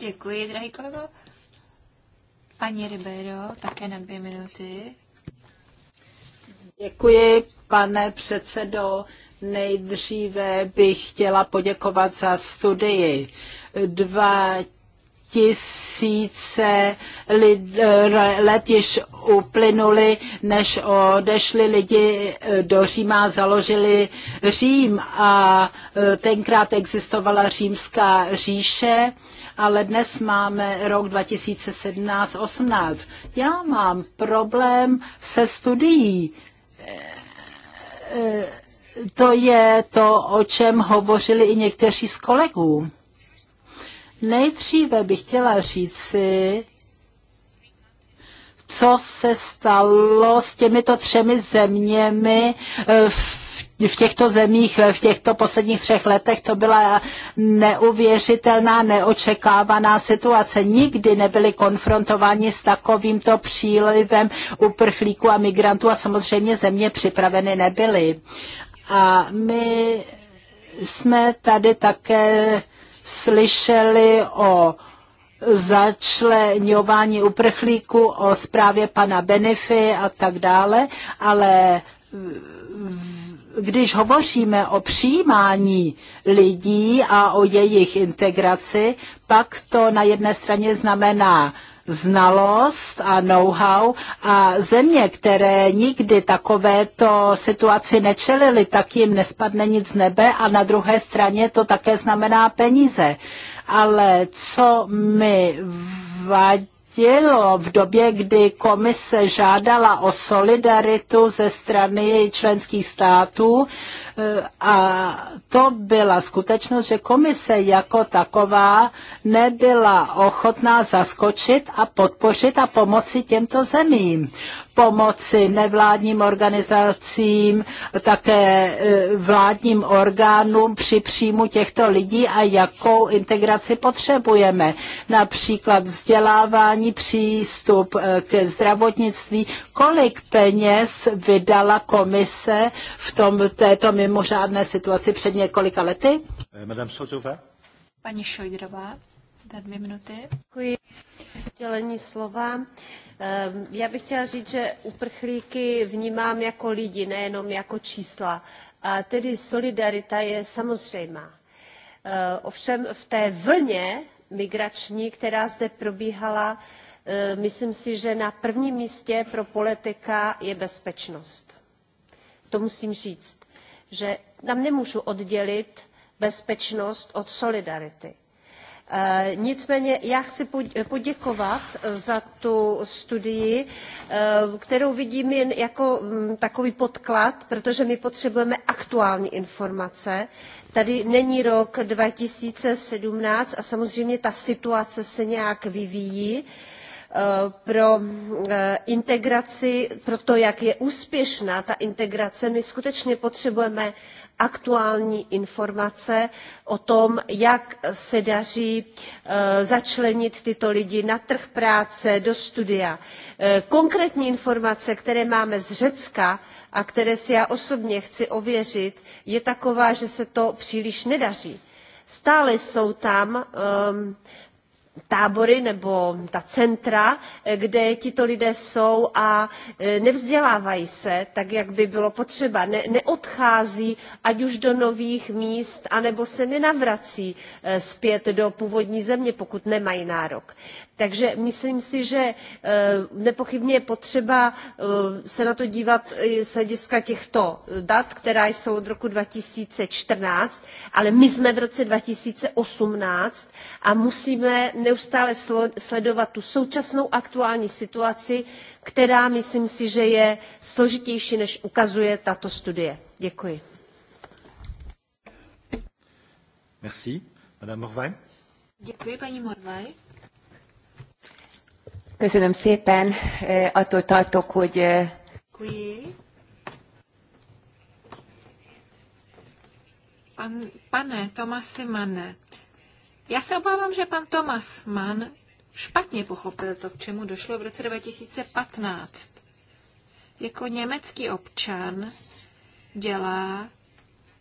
Děkuji, drahý kolego. Paní Ribeiro, také na dvě minuty. Děkuji, pane předsedo. Nejdříve bych chtěla poděkovat za studii. Dva tisíce lid, let již uplynuli, než odešli lidi do Říma, založili Řím a tenkrát existovala římská říše ale dnes máme rok 2017-18. Já mám problém se studií. Eh, eh, to je to, o čem hovořili i někteří z kolegů. Nejdříve bych chtěla říci, co se stalo s těmito třemi zeměmi eh, v v těchto zemích eh, v těchto posledních třech letech to byla neuvěřitelná, neočekávaná situace. Nikdy nebyli konfrontováni s takovýmto přílivem uprchlíků a migrantů a samozřejmě země připraveny nebyly. A my jsme tady také slyšeli o začlenování uprchlíků, o zprávě pana Benefy a tak dále, ale když hovoříme o přijímání lidí a o jejich integraci, pak to na jedné straně znamená znalost a know-how a země, které nikdy takovéto situaci nečelily, tak jim nespadne nic z nebe a na druhé straně to také znamená peníze. Ale co mi vadí, dělo v době, kdy komise žádala o solidaritu ze strany členských států eh, a to byla skutečnost, že komise jako taková nebyla ochotná zaskočit a podpořit a pomoci těmto zemím pomoci nevládním organizacím, také e, vládním orgánům při příjmu těchto lidí a jakou integraci potřebujeme. Například vzdělávání, přístup e, ke zdravotnictví, kolik peněz vydala komise v tom, této mimořádné situaci před několika lety? Eh, Madame Sotová. Paní Šojdrová, dvě minuty. Děkuji. Dělení slova. Ehm, já bych chtěla říct, že uprchlíky vnímám jako lidi, nejenom jako čísla. A tedy solidarita je samozřejmá. Ehm, ovšem v té vlně migrační, která zde probíhala, ehm, myslím si, že na prvním místě pro politika je bezpečnost. To musím říct, že tam nemůžu oddělit bezpečnost od solidarity Eh, nicméně já chci poděkovat za tu studii, eh, kterou vidím jen jako mm, takový podklad, protože my potřebujeme aktuální informace. Tady není rok 2017 a samozřejmě ta situace se nějak vyvíjí. Eh, pro eh, integraci, pro to, jak je úspěšná ta integrace, my skutečně potřebujeme aktuální informace o tom, jak se daří eh, začlenit tyto lidi na trh práce, do studia. Konkrétní informace, které máme z Řecka a které si já osobně chci ověřit, je taková, že se to příliš nedaří. Stále jsou tam um, tábory nebo ta centra, eh, kde tito lidé jsou a eh, nevzdělávají se tak, jak by bylo potřeba. Ne, neodchází ať už do nových míst, anebo se nenavrací eh, zpět do původní země, pokud nemají nárok. Takže myslím si, že eh, nepochybně je potřeba eh, se na to dívat z hlediska těchto eh, dat, která jsou od roku 2014, ale my jsme v roce 2018 a musíme neustále sledovat tu současnou aktuální situaci, která myslím si, že je složitější, než ukazuje tato studie. Děkuji. Merci. Madame Morvay. Děkuji, paní Morvay. Köszönöm szépen. Attól tartok, hogy... Děkuji. Pan, pane Tomasi Manne, já se obávám, že pan Tomas Mann špatně pochopil to, k čemu došlo v roce 2015. Jako německý občan dělá,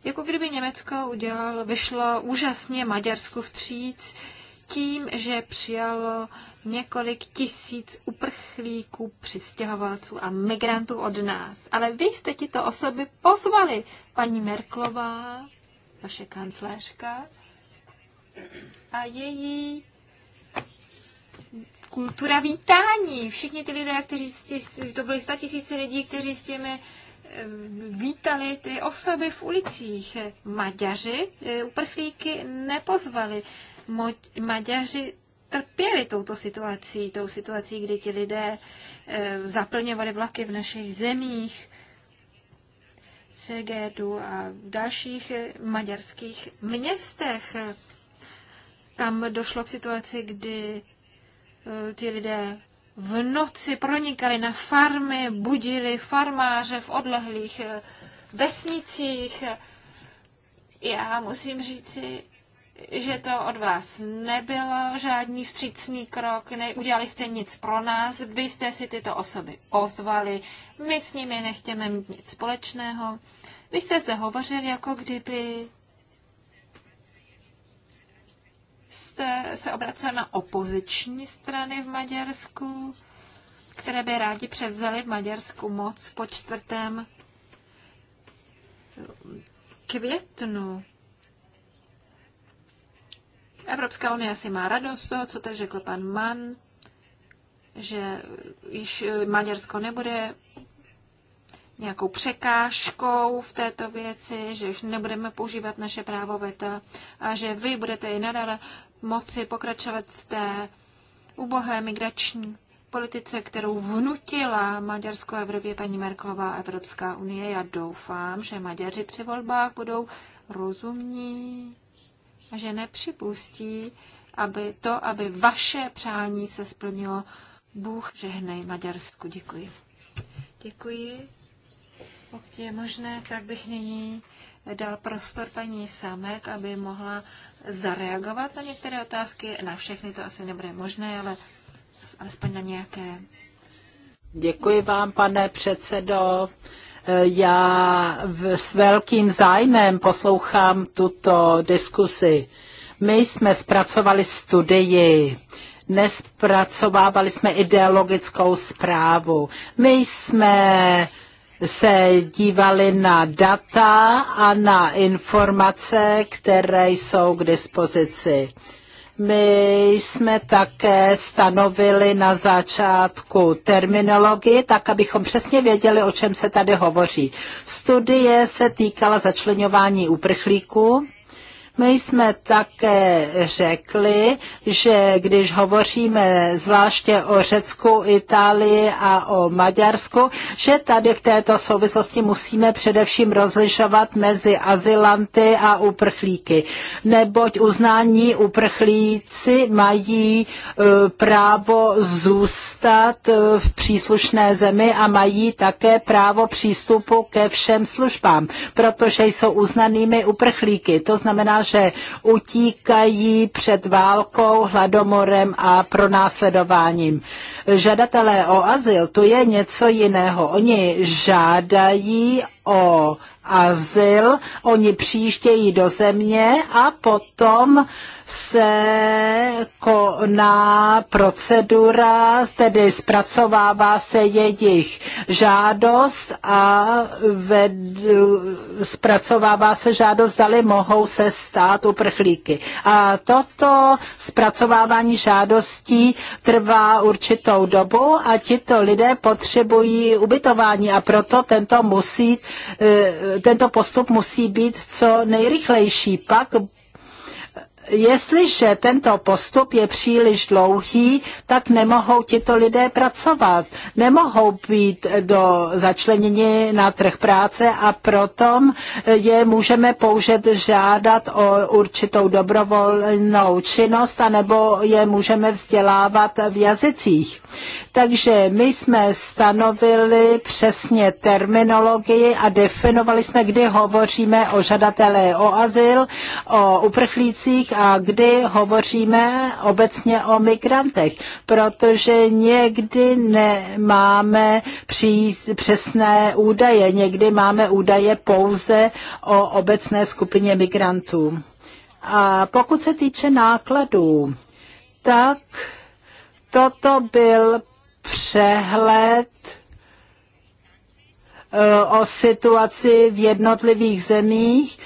jako kdyby Německo udělal, vyšlo úžasně Maďarsku vstříc tím, že přijalo několik tisíc uprchlíků, přistěhovalců a migrantů od nás. Ale vy jste to osoby pozvali, paní Merklová, vaše kancléřka, a její kultura vítání. Všichni ty lidé, kteří, to byly tisíce lidí, kteří s těmi eh, vítali ty osoby v ulicích. Maďaři eh, uprchlíky nepozvali. Maďaři trpěli touto situací, tou situací, kdy ti lidé eh, zaplňovali vlaky v našich zemích, Cegedu a v dalších eh, maďarských městech. Tam došlo k situaci, kdy eh, ti lidé v noci pronikali na farmy, budili farmáře v odlehlých vesnicích. Já musím říci, že to od vás nebyl žádný vstřícný krok, neudělali jste nic pro nás, vy jste si tyto osoby ozvali, my s nimi nechtěme mít nic společného. Vy jste zde hovořili, jako kdyby jste se obracel na opoziční strany v Maďarsku, které by rádi převzali v Maďarsku moc po čtvrtém květnu. Evropská unie si má radost toho, co teď řekl pan Mann, že již eh, Maďarsko nebude nějakou překážkou v této věci, že už nebudeme používat naše právo veta a že vy budete i nadále moci pokračovat v té ubohé migrační politice, kterou vnutila Maďarsko Evropě paní Merklová a Evropská unie. Já doufám, že Maďaři při volbách budou rozumní že nepřipustí, aby to, aby vaše přání se splnilo. Bůh žehnej Maďarsku. Děkuji. Děkuji. Pokud je možné, tak bych nyní dal prostor paní Samek, aby mohla zareagovat na některé otázky. Na všechny to asi nebude možné, ale alespoň na nějaké. Děkuji vám, pane předsedo. Já s velkým zájmem poslouchám tuto diskusi. My jsme zpracovali studii, nespracovávali jsme ideologickou zprávu. My jsme se dívali na data a na informace, které jsou k dispozici. My jsme také stanovili na začátku terminologii, tak abychom přesně věděli, o čem se tady hovoří. Studie se týkala začlenování uprchlíků my jsme také řekli, že když hovoříme zvláště o Řecku, Itálii a o Maďarsku, že tady v této souvislosti musíme především rozlišovat mezi azylanty a uprchlíky, neboť uznání uprchlíci mají e, právo zůstat e, v příslušné zemi a mají také právo přístupu ke všem službám, protože jsou uznanými uprchlíky. To znamená, že utíkají před válkou, hladomorem a pronásledováním. Žadatelé o azyl, to je něco jiného. Oni žádají o azyl, oni přijíždějí do země a potom uh, se koná procedura, tedy zpracovává se jejich žádost a ved, zpracovává se žádost, dali mohou se stát uprchlíky. A toto zpracovávání žádostí trvá určitou dobu a tito lidé potřebují ubytování a proto tento, musí, e, tento postup musí být co nejrychlejší. Pak jestliže tento postup je příliš dlouhý, tak nemohou tito lidé pracovat, nemohou být do začlenění na trh práce a proto eh, je můžeme použít žádat o určitou dobrovolnou činnost anebo je můžeme vzdělávat v jazycích. Takže my jsme stanovili přesně terminologii a definovali jsme, kdy hovoříme o žadatelé o azyl, o uprchlících zemích a kdy hovoříme obecně o migrantech, protože někdy nemáme přesné údaje, někdy máme údaje pouze o obecné skupině migrantů. A pokud se týče nákladů, tak toto byl přehled eh, o situaci v jednotlivých zemích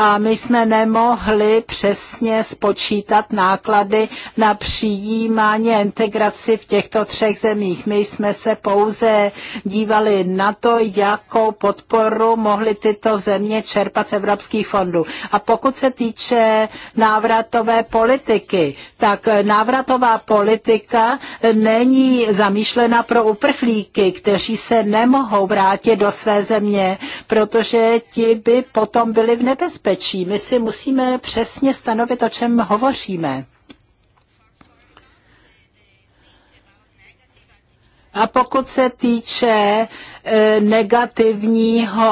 a my jsme nemohli přesně spočítat náklady na přijímání a integraci v těchto třech zemích. My jsme se pouze dívali na to, jakou podporu mohly tyto země čerpat z evropských fondů. A pokud se týče návratové politiky, tak návratová politika není zamýšlena pro uprchlíky, kteří se nemohou vrátit do své země, protože ti by potom byli v nebezpečí nebezpečí. My si musíme přesně stanovit, o čem hovoříme. A pokud se týče e, negativního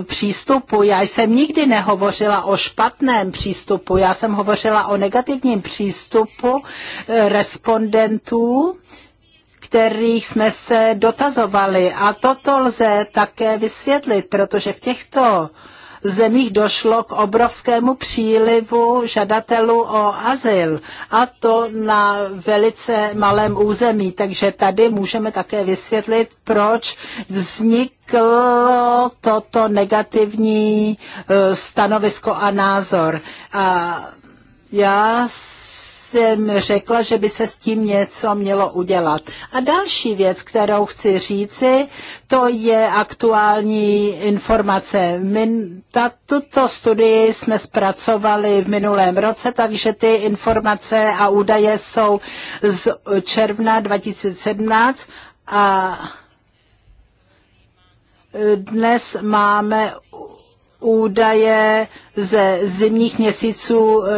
e, přístupu, já jsem nikdy nehovořila o špatném přístupu, já jsem hovořila o negativním přístupu e, respondentů, kterých jsme se dotazovali. A toto lze také vysvětlit, protože v těchto zemích došlo k obrovskému přílivu žadatelů o azyl a to na velice malém území. Takže tady můžeme také vysvětlit, proč vzniklo toto negativní eh, stanovisko a názor. A já jsem řekla, že by se s tím něco mělo udělat. A další věc, kterou chci říci, to je aktuální informace. My ta, tuto studii jsme zpracovali v minulém roce, takže ty informace a údaje jsou z června 2017 a dnes máme údaje ze zimních měsíců e,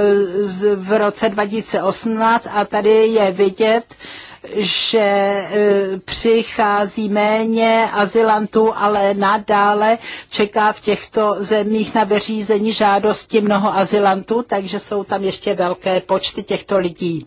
v roce 2018 a tady je vidět, že e, přichází méně azylantů, ale nadále čeká v těchto zemích na vyřízení žádosti mnoho azylantů, takže jsou tam ještě velké počty těchto lidí.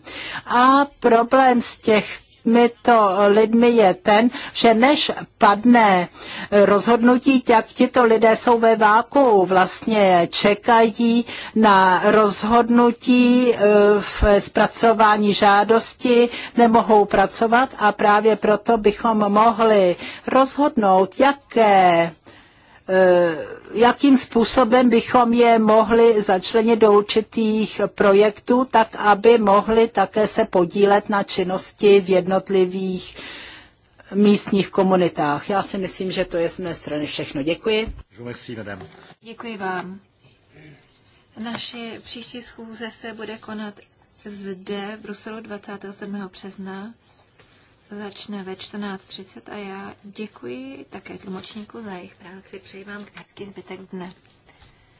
A problém z těch těmito lidmi je ten, že než padne rozhodnutí, tak tito lidé jsou ve váku, vlastně čekají na rozhodnutí eh, v zpracování žádosti, nemohou pracovat a právě proto bychom mohli rozhodnout, jaké eh, jakým způsobem bychom je mohli začlenit do určitých projektů, tak aby mohli také se podílet na činnosti v jednotlivých místních komunitách. Já si myslím, že to je z mé strany všechno. Děkuji. Děkuji vám. Naše příští schůze se bude konat zde v Bruselu 27. března začne ve 14.30 a já děkuji také tlumočníku za jejich práci. Přeji vám hezký zbytek dne.